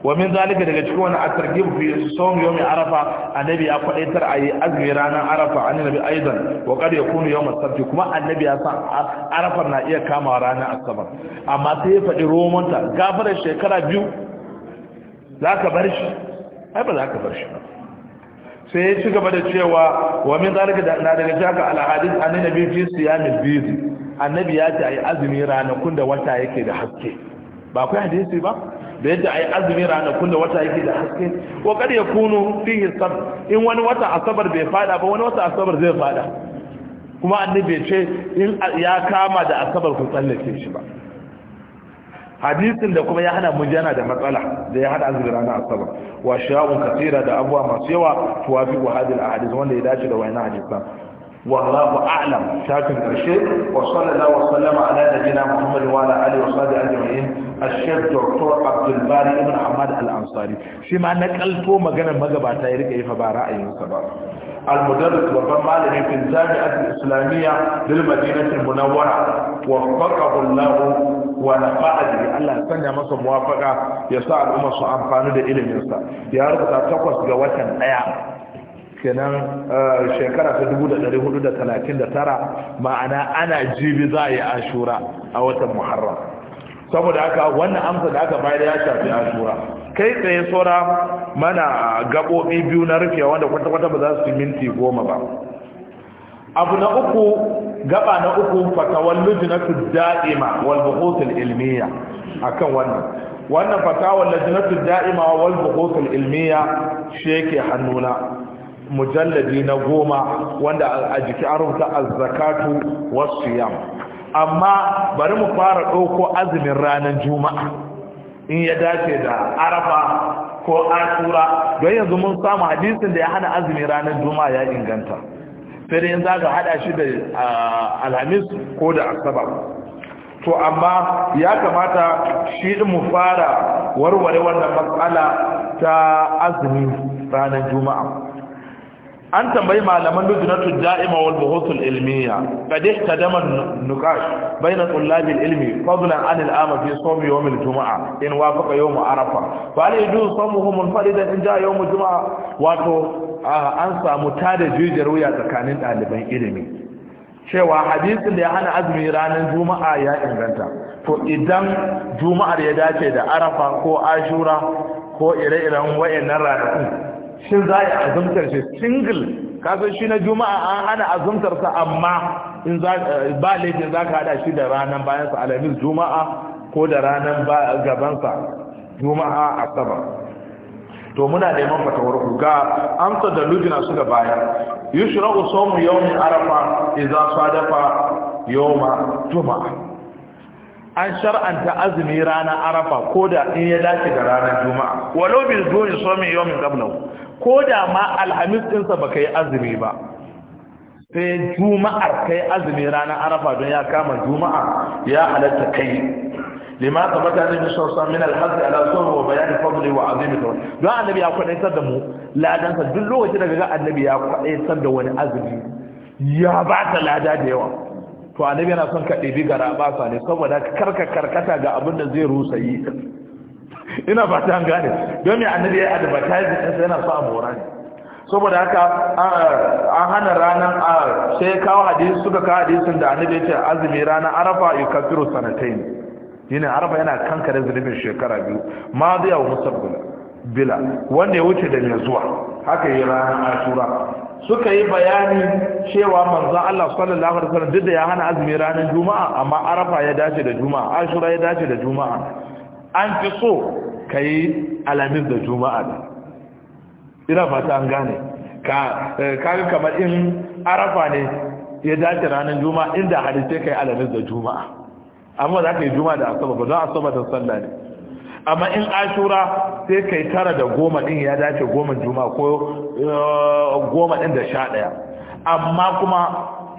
wa min zalika daga cikin wani atargib fi sawm yawm arafa annabi ya tar ayi azmi ranar arafa annabi aidan wa qad yakunu yawm as-sabt kuma annabi ya san arafa na iya kama ranar asabar amma sai ya fadi romonta gafarar shekara biyu zaka bar shi ai ba zaka bar shi ba sai ya ci gaba da cewa wa min zalika da na daga jaka al-hadith annabi fi siyamil bizi annabi ya ce ai azumi ranakun da wata yake da haske ba akwai hadisi ba da yadda ai azumi ranar kulle wata yake da haske Ko kada ya kunu fihi sab in wani wata asabar bai fada ba wani wata asabar zai fada kuma annabi ce in ya kama da asabar ku tsallake shi ba hadisin da kuma ya hana mu yana da matsala da ya hada azumi ranar asabar wa sha'un kasira da abuwa masu yawa tuwafi wa hadil ahadith wanda ya dace da wani hadisan والله أعلم شاكر الشيخ وصلى الله وسلم على نبينا محمد وعلى آله وصحبه أجمعين الشيخ دكتور عبد الباري بن حماد الأنصاري شي ما نقلته مجانا مجبا تايرك إيه فبا رأي سبا المدرس وبن مالك في الجامعة الإسلامية للمدينة المنورة وفقه الله ونفع به الله سنة مصر موافقة يسعى الأمة سعى أنفانه لإلمينسا يا رب تتقص جواتا أيام kenan eh, shekara ta dubu da da da hudu talatin tara ma'ana ana jibi za a yi ashura a watan muharram saboda haka wannan amsa da aka bayar ya shafi ashura kai tsaye saura mana gaɓoɓi biyu na rufe wanda kwata-kwata ba za su yi minti goma ba abu na uku gaba na uku fatawar su da'ima wal buhutul ilmiya akan wannan wannan fatawar su da'ima wal buhutul ilmiya shi yake hannuna mujalladi na goma wanda a jiki an rubuta az-zakatu was amma bari mu fara ɗauko azumin ranar juma'a in ya dace da arafa ko asura don yanzu mun samu hadisin da ya hana azumin ranar juma'a ya inganta sai za ka haɗa shi da alhamis ko da asabar to amma ya kamata shi mu fara warware wannan matsala ta azumin ranar juma'a an tambayi malaman lujnatul da'ima wal buhuthul ilmiya qad ihtadama nuqash bayna tullabil ilmi fadlan an al'ama fi sawmi yawm al-jum'a in wafaqa yawm arafa fa la yudu sawmuhum munfaridan in ja'a yawm al-jum'a wato ah, an samu tada jijiyar wuya tsakanin ɗaliban ilimi cewa hadisin da ya hana azumi ranar juma'a ya inganta to idan juma'ar ya dace da arafa ko ashura ko ire-iren wayannan ranakun shin za a azumtar shi single kasan shi na juma'a an hana azumtarsa amma in za ba laifin za ka hada shi da ranar bayansa alamis juma'a ko da ranar gabansa juma'a asabar to muna neman fatawar ku ga amsa da lujina suka bayar yushra'u yau ne arafa idza sadafa ma juma'a an shar'anta azumi ranar arafa ko da in ya dace da ranar juma'a walau bil duni yau min qablahu ko da ma alhamis ɗinsa ba ka yi azumi ba sai juma'ar ka yi azumi ranar arafa don ya kama juma'a ya halatta kai lima ka mata da sa min alhazi ala sun wa bayani fadli wa azimi ta don annabi ya sar da mu sa. duk lokaci daga ga annabi ya sar da wani azumi ya ba ta lada da yawa to annabi yana son ka ɗebi gara ba sa ne saboda karka karkata ga abin da zai rusayi. ina ba ta gane don me annabi ya advertise din sai yana so a mora ne saboda haka an hana ranar a sai kawo hadisi suka kawo hadisin da annabi ya ce azumi ranar arafa yukaffiru sanatain yana arafa yana kankare zunubin shekara biyu ma zai yawo musabbila bila wanda ya wuce da ne zuwa haka yi ranar ashura suka yi bayani cewa manzan Allah sallallahu alaihi wasallam duk da ya hana azumi ranar juma'a amma arafa ya dace da juma'a ashura ya dace da juma'a an fi so ka yi alamin da juma'a da ina fata an gane kaga eh, kamar in arafa ne ya dace ranar juma'a inda hadisai ka yi alamis da juma'a amma za ka yi juma'a da asaba ba don asaba da sallah ne amma in ashura sai ka yi tara da goma din ya dace goma juma'a ko eh, goma din da sha daya amma kuma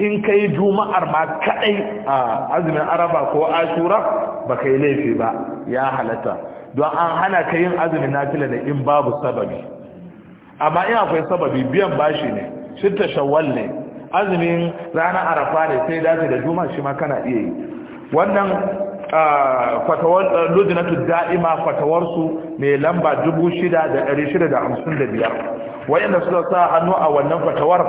in ka yi juma'ar ma kaɗai a azumin araba ko ashura ba ka yi laifi ba ya halatta don an hana ka yin azumin nafila da in babu sababi amma in akwai sababi biyan bashi ne shitta shawwal ne azumin ranar arafa ne sai dace da juma'a shi ma kana iya yi wannan fatawar lujinatu da'ima fatawarsu mai lamba 6655 wayanda suka sa hannu a wannan fatawar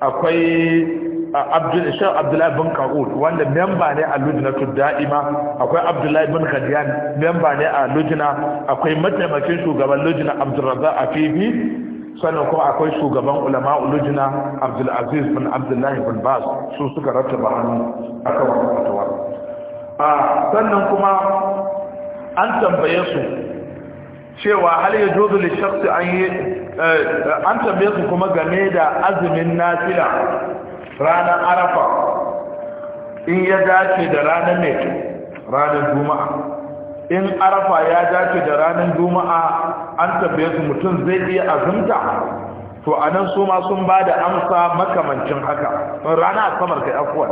akwai shan abdullahi bin ka'ud wanda memba ne a lujinatul da'ima akwai abdullahi bin kadiyan memba ne a lujina akwai mataimakin shugaban lujina abdurrazza a fifi sannan kuma akwai shugaban ulama lujina abdulaziz bin abdullahi bin bas su suka rattaba hannu a kan wata fatawa sannan kuma an tambaye su cewa hal ya jozu li shakhsi an yi eh, an tambaye su kuma game da azumin nafila ranar arafa in ya dace da ranar mai ranar juma'a in arafa ya dace da ranar juma'a an tambaye su mutum zai iya azumta to a nan su ma sun ba da amsa makamancin haka rana asabar kai afuwa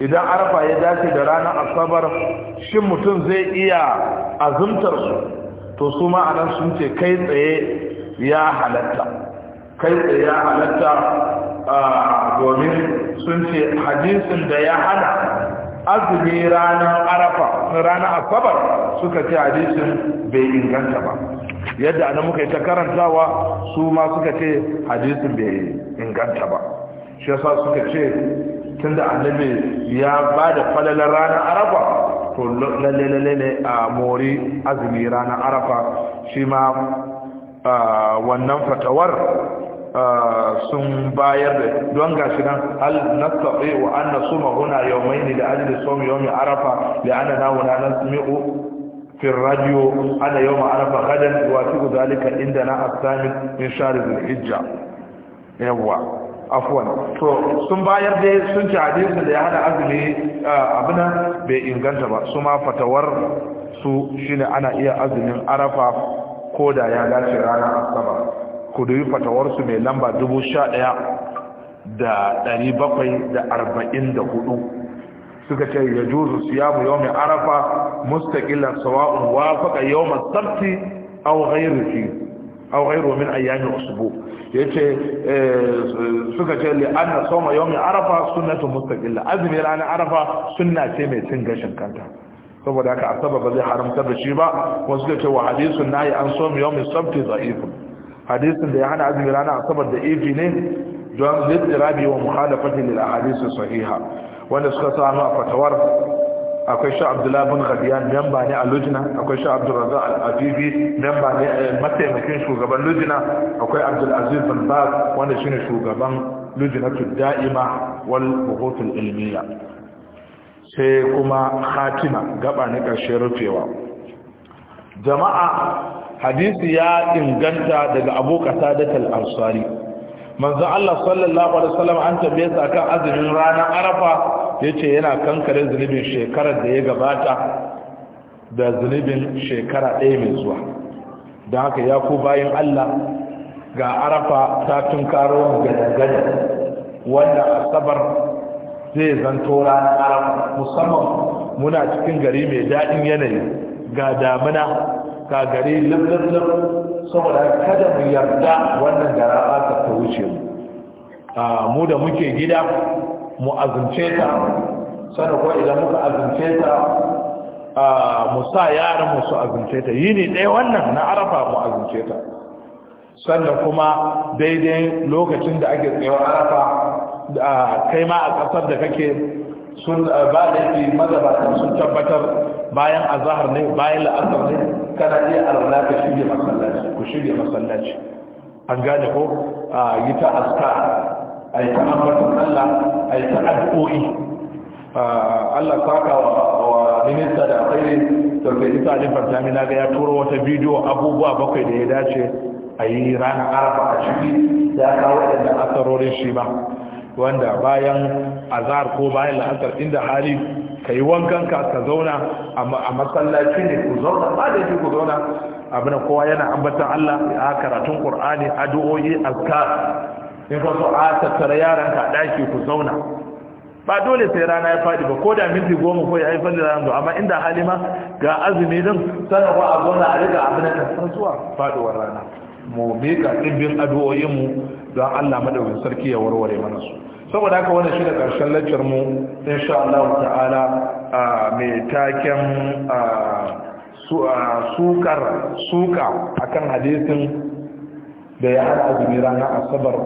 idan arafa ya dace da ranar asabar shi mutum zai iya azumtar su to su ma a nan sun ce kai tsaye ya halatta kai da ya halatta domin sun ce hadisin da ya hana azumi ranar arafa ranar asabar suka ce hadisin bai inganta ba yadda ana muka yi ta karantawa su ma suka ce hadisin bai inganta ba shi yasa suka ce tunda annabi ya ba da falalar ranar arafa to lalle lalle a mori azumi ranar arafa shi ma wannan fatawar sun bayar da don gashi nan hal nastati wa an nasuma huna yawmayn li ajli sawm yawm arafa li annana wa nasmi'u في الراديو arafa. يوم عرفة غدا يوافق ذلك na asami min shahr al hijja? يوا afwan to sun bayar da sun ci hadisi da ya hada azumi ah, abuna bai inganta ba su ma fatawar su shine ana iya azumin arafa ko da ya dace ranar asabar ku fatawarsu mai lamba 11,744 suka ce ya juzu siyamu yau mai arafa mustaƙilar sawa'un wafaka yau masarti au ghairufi min ayyami usbu ce eh, suka ce li anna sawma mai arafa sunnatu mustaqilla azumi ranar arafa sunna ce mai cin gashin kanta saboda haka asaba ba zai haramta da shi ba wasu da cewa hadisun nayi an somi yawmi sabti da'ifun hadisin da ya hana azumi rana asabar da ifi ne don littirabi wa muhalafati lil ahadisi sahiha wanda suka samu a fatawar akwai sha abdullahi bin ghadiyan memba ne a lujina. akwai sha abdurrazzaq al-afifi memba ne eh, mataimakin shugaban lujina. akwai abdul aziz bin baz wanda shine shugaban lujnatul da'ima wal buhuth al-ilmiya sai kuma khatima gaba na karshe rufewa jama'a hadisi ya inganta daga abu qatada al-ansari manzo Allah sallallahu alaihi wasallam an tabbaye sa kan azumin ranar arafa ya ce yana kankare zunubin shekarar da ya gabata da zunubin shekara ɗaya mai zuwa don haka ya ku bayan Allah ga arafa ta tun karo gada-gada wanda asabar zai zanto ranar arafa musamman muna cikin gari mai daɗin yanayi ga damina Ka gare lallallar saboda kada mu yarda wannan gara ta ta wuce mu mu da muke gida mu azumce ta sannan kuma idan muka azumce ta mu sa yaran mu su azumce ta ne ɗaya wannan na arafa mu azumce ta sannan kuma daidai lokacin da ake tsayawa arafa kai ma a ƙasar da kake sun eh, ba da yake sun tabbatar bayan a zahar ne bayan la'asar ne kana iya alwala ka shirya masallaci ku shirya masallaci an gane ko a yi ta aska a yi ta ambatan allah a yi ta addu'o'i allah saka wa minista da tsairin turbe isa alin fartami na ga ya turo wata bidiyo abubuwa bakwai da ya dace a yi ranar arafa a ciki ya kawo da asarorin shi ba wanda bayan azhar ko bayan la'asar inda hali ka yi wankanka ka zauna a masallaci ne ku zauna ba da ku zauna abin kowa yana ambatan Allah a karatun Qur'ani addu'o'i azkar in ka so a tattara yaranka a daki ku zauna ba dole sai rana ya faɗi ba ko da minti goma ko ya haifar da rana amma inda halima ga azumi din sanarwa a zauna a riga abin da zuwa faɗuwar rana mu miƙa ɗimbin addu'o'inmu don Allah madaukakin sarki ya warware mana su saboda haka wannan shine karshen lecture mu insha Allah ta'ala a mai taken sukar suka akan hadisin da ya hada azumi ranar asabar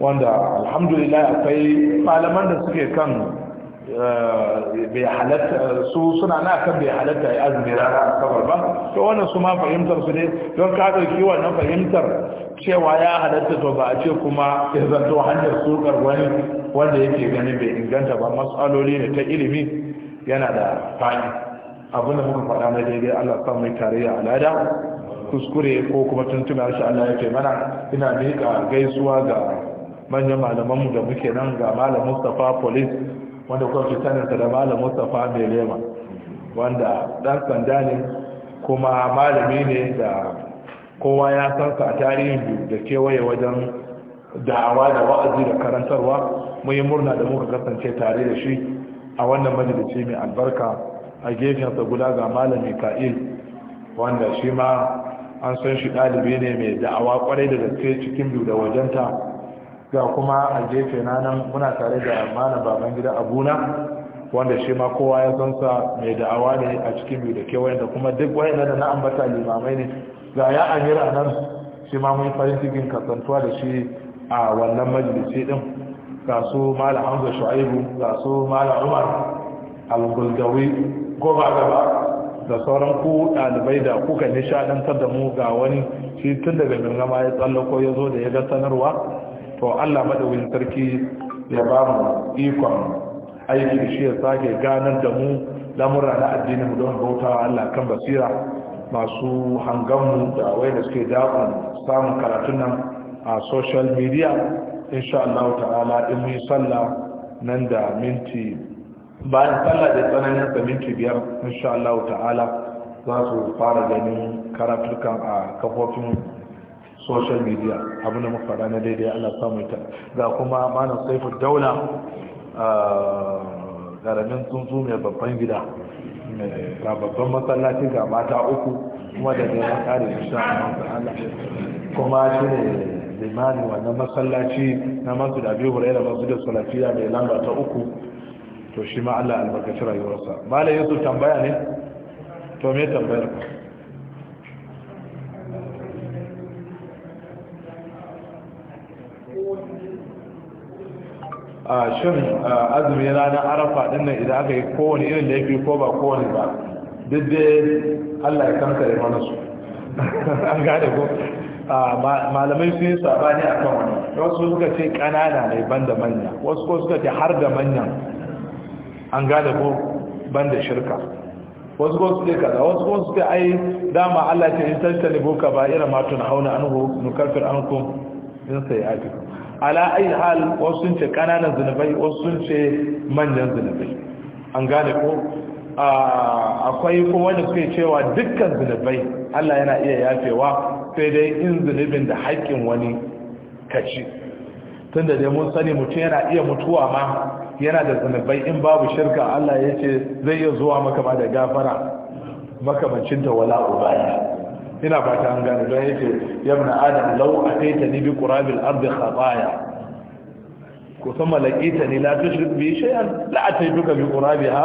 wanda alhamdulillah akwai malaman da suke kan Eh, bai halatta su suna na kan bai halatta ya azumi rana asabar ba to wannan su ma fahimtar su ne don ka dauki wannan fahimtar cewa ya halatta to ba a ce kuma ya zanto hanyar sukar wani wanda yake ganin bai inganta ba matsaloli ne ta ilimi yana da fa'i abin da muka faɗa na daidai Allah sa mai tarayya alada kuskure ko kuma tuntuna shi Allah ya mana ina miƙa gaisuwa ga manyan malamanmu da muke nan ga malam Mustapha Police wanda kuma ke sanin da malam mai belema wanda dan sanda ne kuma malami ne da kowa ya san sa a tarihin biyu da kewaye wajen da'awa da wa'azi da karantarwa muyi yi murna da muka kasance tare da shi a wannan majalisi mai albarka a gefensa guda ga malami mika'il wanda shi ma an san shi dalibi ne mai da'awa kwarai da gaske cikin biyu da wajenta ga kuma a gefe na nan muna tare da mana baban gida abuna wanda shi ma kowa ya sa mai da'awa ne a cikin biyu da kewayen da kuma duk wayan da na ambata limamai ne ga ya amir a nan shi ma mun farin cikin kasantuwa da shi a wannan majalisi din ga su malam hamza shu'aibu ga su malam umar al-gulgawi goma gaba da sauran ku dalibai da kuka nishadantar da mu ga wani shi tun daga gangama ya tsallako ya zo da ya ga sanarwa to Allah madawin sarki ya ba mu ikon aiki da shi ya sake ganar da mu lamura na addinin mu don bauta Allah kan basira masu hanganmu da wai da suke dakon samun karatun nan a social media insha Allah ta'ala in mu sallah nan da minti bayan sallah da tsananin da minti biyar insha Allah ta'ala za su fara ganin karatukan a kafofin social media abu na mafara na daidai Allah samu ta ga kuma malam saifu daula karamin ah, tsuntsu mai babban gida ga babban masallaci ga mata uku kuma da neman kare insha Allah kuma shi ne limani wannan masallaci na masu da biyu da masu da salafiya mai lamba ta uku to shi ma Allah albarkaci rayuwarsa malam su tambaya ne to me tambayar ka shin azumi ranar arafa din nan idan aka yi kowane irin da ya fi ko ba kowane ba duk dai allah ya kankare mana su an gane ko malamai sun yi sabani a kan wani wasu suka ce ƙanana ne ban da manya wasu ko suka ce har da manyan an gane ko ban da shirka wasu ko suke kaza wasu ko suke ai dama Allah ce in tantane boka ba irin ma tun hauna anhu nukarfir ankum in sai atikum ala ayi hal wasu sun ce kananan zunubai wasu sun ce manyan zunubai an gane ko akwai kuma wanda suke cewa dukkan zunubai Allah yana iya yafewa sai dai in zunubin da haƙƙin wani kaci tunda dai mun sani mutum yana iya mutuwa ma yana da zunubai in babu shirka Allah ya ce zai iya zuwa maka ma da gafara makamancin ta wala ubaya ina fata an gane don yake yabna adam lau a taita ni bi qurabil ardi khataya ko sama laqita ni la tushrik bi shay'an la ataituka bi qurabiha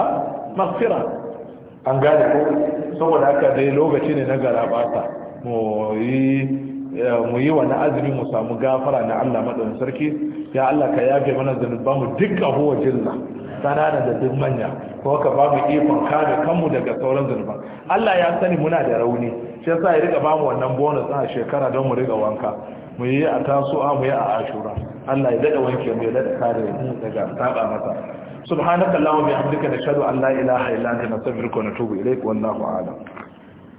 maghfira an gane ko saboda haka dai lokaci ne na garabata mu yi mu yi wani azumi mu samu gafara na Allah madaukakin sarki ya Allah ka yafe mana zanubamu duk abuwa jinna sanana da duk manya ko ka ba mu ikon kare kanmu daga sauran zunuban Allah ya sani muna da rauni shi yasa ya riga ba mu wannan bonus a shekara don mu riga wanka mu yi a tasu'a mu yi a ashura Allah ya dada wanke mu ya dada kare mu daga saba masa subhanaka allahumma bihamdika nashhadu an la ilaha illa anta nastaghfiruka wa natubu ilayk wallahu a'lam